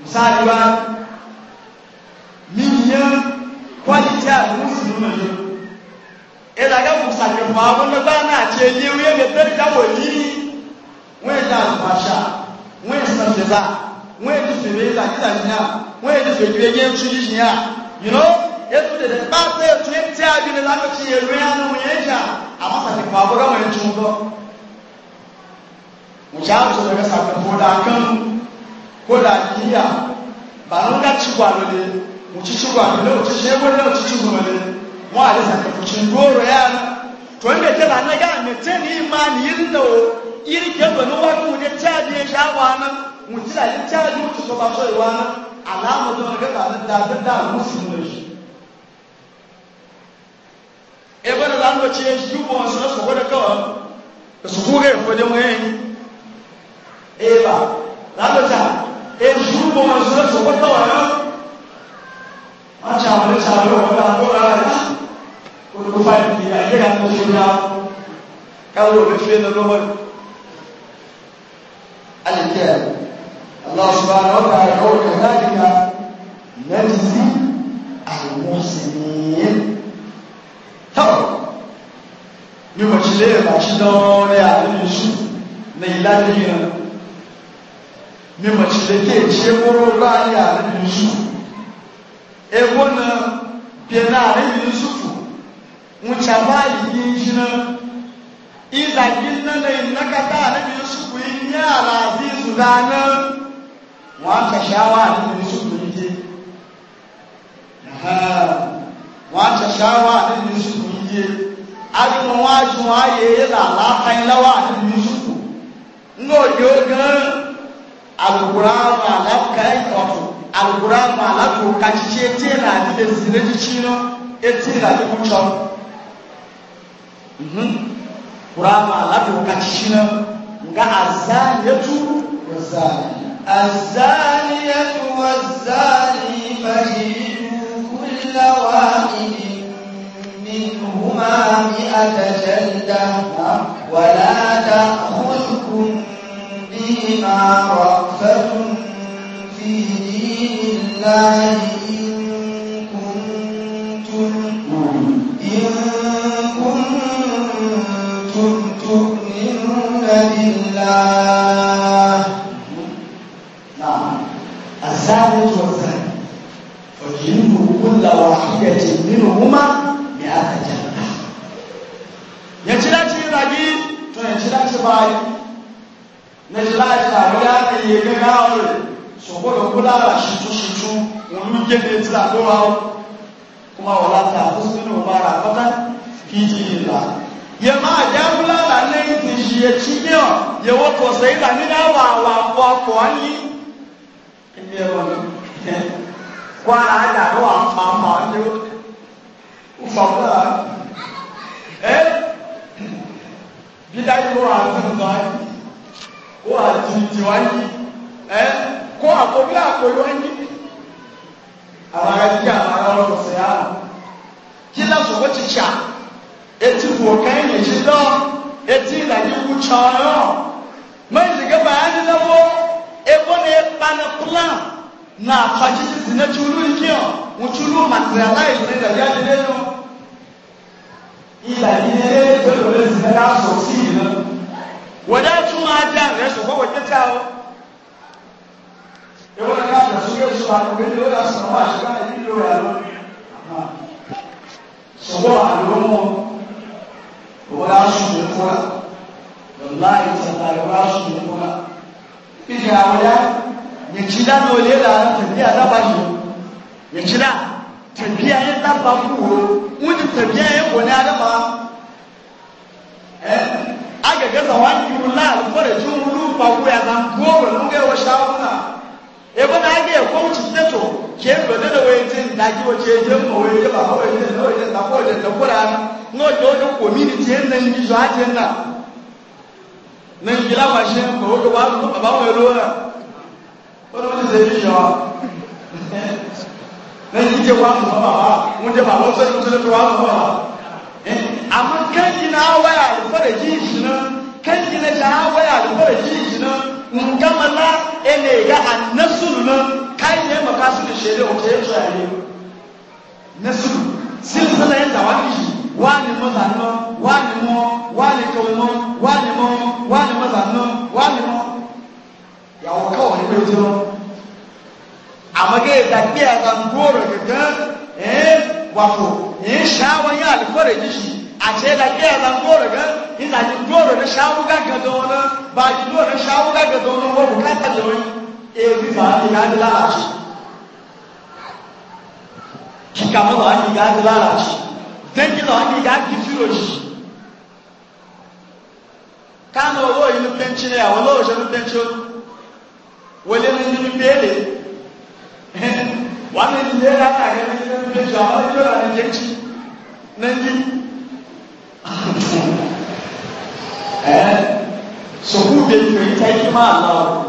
misali ba miliyan kwalite almusulmi shi ilaga e musali fa wanda ba na ce liyu yadda darja wani wani da albasha wani sanjiza wani da fere da gidan ya wani da fere yin shi ya you know yesu da da ba sai tun yin tiya bi da zaka ci yaro ya nan mun yanja amma ka tafi babu gama yin tun ba mu ja su daga sakan ko da kan ko da iya ba mun ga ci gwalo ne mu ci ci gwalo ne mu ci shi gwalo e ne mu ci ci gwalo ne mu a da sakan cin goro ya nan to inda ke da na ga ne ce ni ma ni yin da iri ke ba no wa ku ne ta bi sha e wa nan mu ci da ta bi mu ci so ba so e wa na alamu don ga ba da da musulmi ebe na zan doce ya shi kuma su na su kwada kawai da su kuga ya kwada mai yi eba zan doce ya shi kuma su na su kwada kawai ma ci amini ci amini wa kwada kora ya ko ko fa yi ya ke ga ko shi ya kawo da fiye da nomar alikiyar Allah subhanahu wa ta'ala wa kadhalika najzi al-muhsinin jile ba ci don ne a ni su na ilani na mi ma ci le ke ci moro ba ni a ni su e wona pe na a ni su fu mu cha ba yi ji na iza gin na na na ka ta a ni su ku yi ya la bi su da na wa ka shawa ni su ku yi ha wa ta shawa ni su ku yi agbọn wọn aṣọ wọn ayé làlá ayiláwà àti yusufu ńlọ yóò gan alukuraanu alaka ọtọ alukuraanu alaka kakyikyi etí na adé zire kyikyi no etí na adé kutsọ kuraanu alaka kakyikyi no nga azaaniyatu wazaani azaaniyatu wazaani fahimu kula waahidi. منهما مئة جلدة ولا تأخذكم بهما رأفة في دين الله إن كنتم, إن كنتم تؤمنون بالله نعم الثالث والثاني فاجلدوا كل واحدة منهما ya ta janna ya ci da ci ragi to ya ci da ci bayi na ci da ci ragi ya ta yi ga gawo saboda kula da shi tu shi tu wani gefe ci da dora kuma wala ta husnu mara fatan fiji lillah yẹ máa jẹ́ fúlàlà lẹ́yìn tí ṣì yẹ tí ní ọ̀ yẹ wọ́n kọ̀ sí ìlà nílẹ̀ wà wà wà kọ̀ á yí. ẹni ẹ̀rọ ni àpapọ̀ ọdún ufala eh bidai ko azai ko ajiti wani eh ko akobila akolo wani abaga ti abaga lo se ya kila so ko chicha eti wo kan ni si do eti la ni ku cha yo mai se ga ba ni da bo e bo ne pa na plan na fa ji ti na chulu ni ki o muchulu materialize ne da yadi ne no ila ni ne ne to do le se ka so si ne wada tu ma ja re so ko wata o e wona ka ta su ye so a ko ne wada so ma shi ka ni lo ya lo so ko a lo mo wada su ne ko wallahi sallallahu alaihi wasallam ko ija wada ne ci da no le da tafiya da ba shi nìkyerɛ a tabia yɛ daba fowuro wode tabia yɛ wɔ ne adama ɛ agɛgɛ sa wandiwo laal fɔre tun wulu pawo ya na kuo wɔ ne wɔ hyɛ awo na na agɛ ɛkɔm ti ne to kye ndo ne na wɔyɛ ti ndagi wɔ kye gye mu wɔyɛ gye baako wɔyɛ gye na wɔyɛ gye na wɔyɛ gye na wɔyɛ ana na wɔyɛ wɔyɛ wɔ mi ni tie na nyi zɔ agye na na nyi la ma hyɛ nkɔ wɔyɛ wɔ aba wɔyɛ lɔ na wɔn n'eyi jẹ wa tuma baba ŋun jẹ baba ọsẹ tuntun ne tẹ wa tuma baba ẹ ama kẹ́ńtì náà wáyà àlùfọ́dẹ̀ yìí sinna kẹ́ńtì náà wáyà àlùfọ́dẹ̀ yìí sinna ngama na ene ga annasulu na kai ne makasulu shede o te so ayi nasulu silsila ya tawaki wani mazanno wani mo wani kawmo wani mo wani mazanno wani mo ya wakawa ne bai jiro amage da kiya zan goro ga gan eh wato in eh, shawa ya alfara shi a ce da kiya zan goro ba ki goro na wa bukata da wani eh bi ba ni ga da lalaci ki kama ba ni ga kano wo yi nupenci ne a wala wale ne nupenci wannan ne ya ta ga nan da jama'a da ran yanki nan ji eh so ku da yi ta yi ma Allah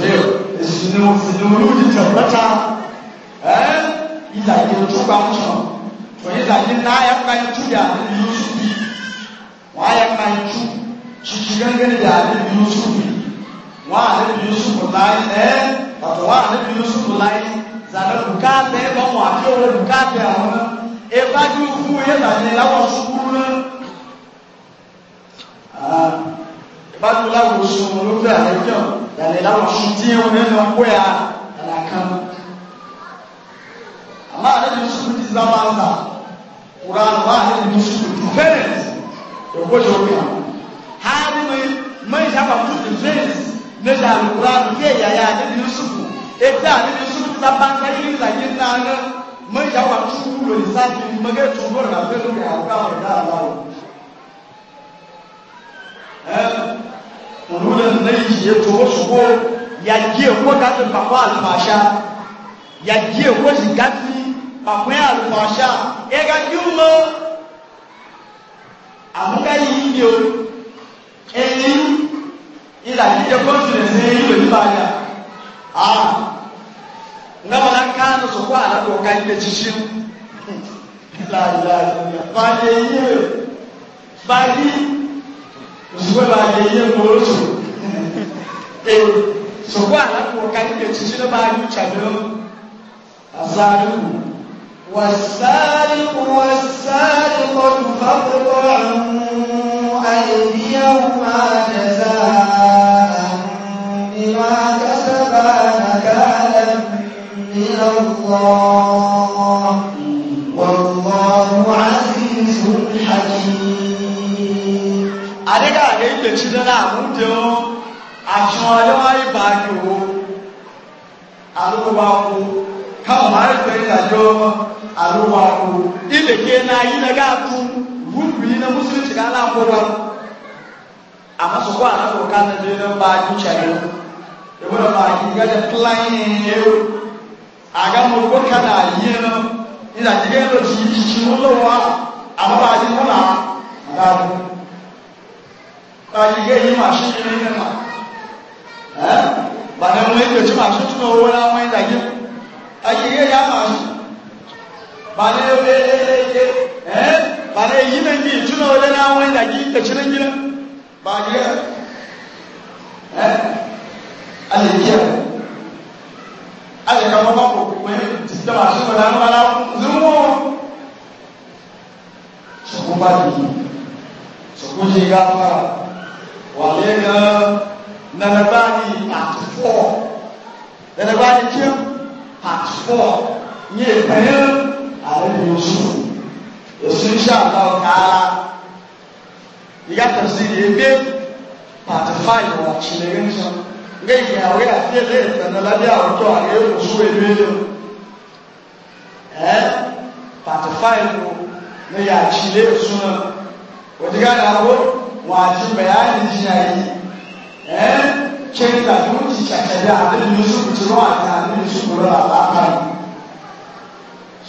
ne sinu sinu lu di tabbata eh ila yi to ba mu so to ila yi na ya ka yi tu ya ni yusufi wa ya ka yi tu shi shi ya ni yusufi wa ni yusufi ta eh wato wa anabi yusuf lai zana bukata ya ban wafi wani bukata ya wani e ba ji ku ya zane lawan su kuna ba ji lawan su wani fi a yankin zane lawan su tiye wani yana koya alakan amma anabi yusuf ti zama sa ƙuran ba anabi yusuf ti parents da gwajo ya hari mai mai shafa musu parents nígbà lùkúrá ní ẹ̀yà ya níbi yusufu ètò àníbi yusufu ti sábà ń kárí ní ìlàjì náà ní mọ ìyàwó àtúntò wúlò ní sáàtì mọ́gẹ́ tó ń bọ̀ nà fẹ́ lókè àwọn àwọn ọ̀dà àláwọ̀. ẹ òun lè ní ìyè tó o sòwò yàjí èkó káfí pàpọ̀ àlùfàṣà yàjí èkó sì káfí pàpọ̀ àlùfàṣà ẹ̀ka kí ó mọ àmúkáyí ìdí o ẹ̀yìn ila kike confidence ne yi wani baya a na mana kana su kwa na dokan da cishin la ilaha illallah ba ne yi ba ni zuwa ba ne yi moro su eh su kwa na dokan da cishin ba ni chadon azalu والسارق والسارقة فاقطعوا فليجزيهما جزاء بما كسبا نكالا من الله والله عزيز حكيم àdéka àdéhùn ìṣúná náà mú jẹ ọ àṣọ ọlọ́wọ́ ìbàdí o àlùkòwà kú káwọn máa ń pè é ìdájọ́ àlùkòwà kú ilé kí ẹ náà yí náà gáà kú gungun na musulunci ga ala kowa a masu kwa na doka na je nan ba ki shayo ya wani ba ki ga da planning yau a ga mu ko kana yi nan ina ji ga yadda shi shi shi mulowa amma ba ji muna na ku ba ki ga yi mashi ne ma ba na mu a ki ga ya bana eh bana yi nan gi tuna wala na wani da na da cinan gina ba gi eh alikiya alika mo ba ko ko ti ta ba shi wala na wala zumo so ko ba gi so ko ji ga fa wale na na na ba ni at 4 na na ba ni kim at 4 ye pa àrùn yusuf èso iṣẹ́ àbá ọ̀kára ìyàtọ̀ sí ìyẹ́gbẹ́ pàtí fáìlì wà ṣìlẹ̀gẹ́ ní sàn ní ìyàwó àti ilé ìtẹ̀nàlábẹ́ àwùjọ àrẹ òṣù èlélò ẹ́ pàtí fáìlì ní yà ṣìlẹ̀ èso náà òdìgá ìyàwó wà á ti bẹ̀yà ìjìyà yìí ẹ́ ṣe ìgbà tó ti ṣàṣẹ̀dá àdéhùn yusuf tí wọ́n àti àdéhùn yusuf lọ́la lápá yìí.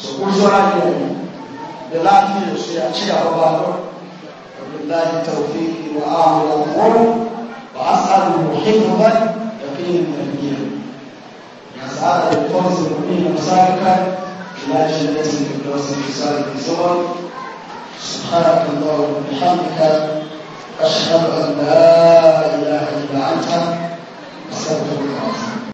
سكوتها اليوم بالعافية سيأتي أربعة وبالله التوفيق وأعمل أمور وأسأل محبا يقين التنبيه وأسأل الفوز المؤمن مسالكا إلى جنة الفردوس في سالك سبحانك اللهم وبحمدك أشهد أن لا إله إلا أنت أستغفرك العظيم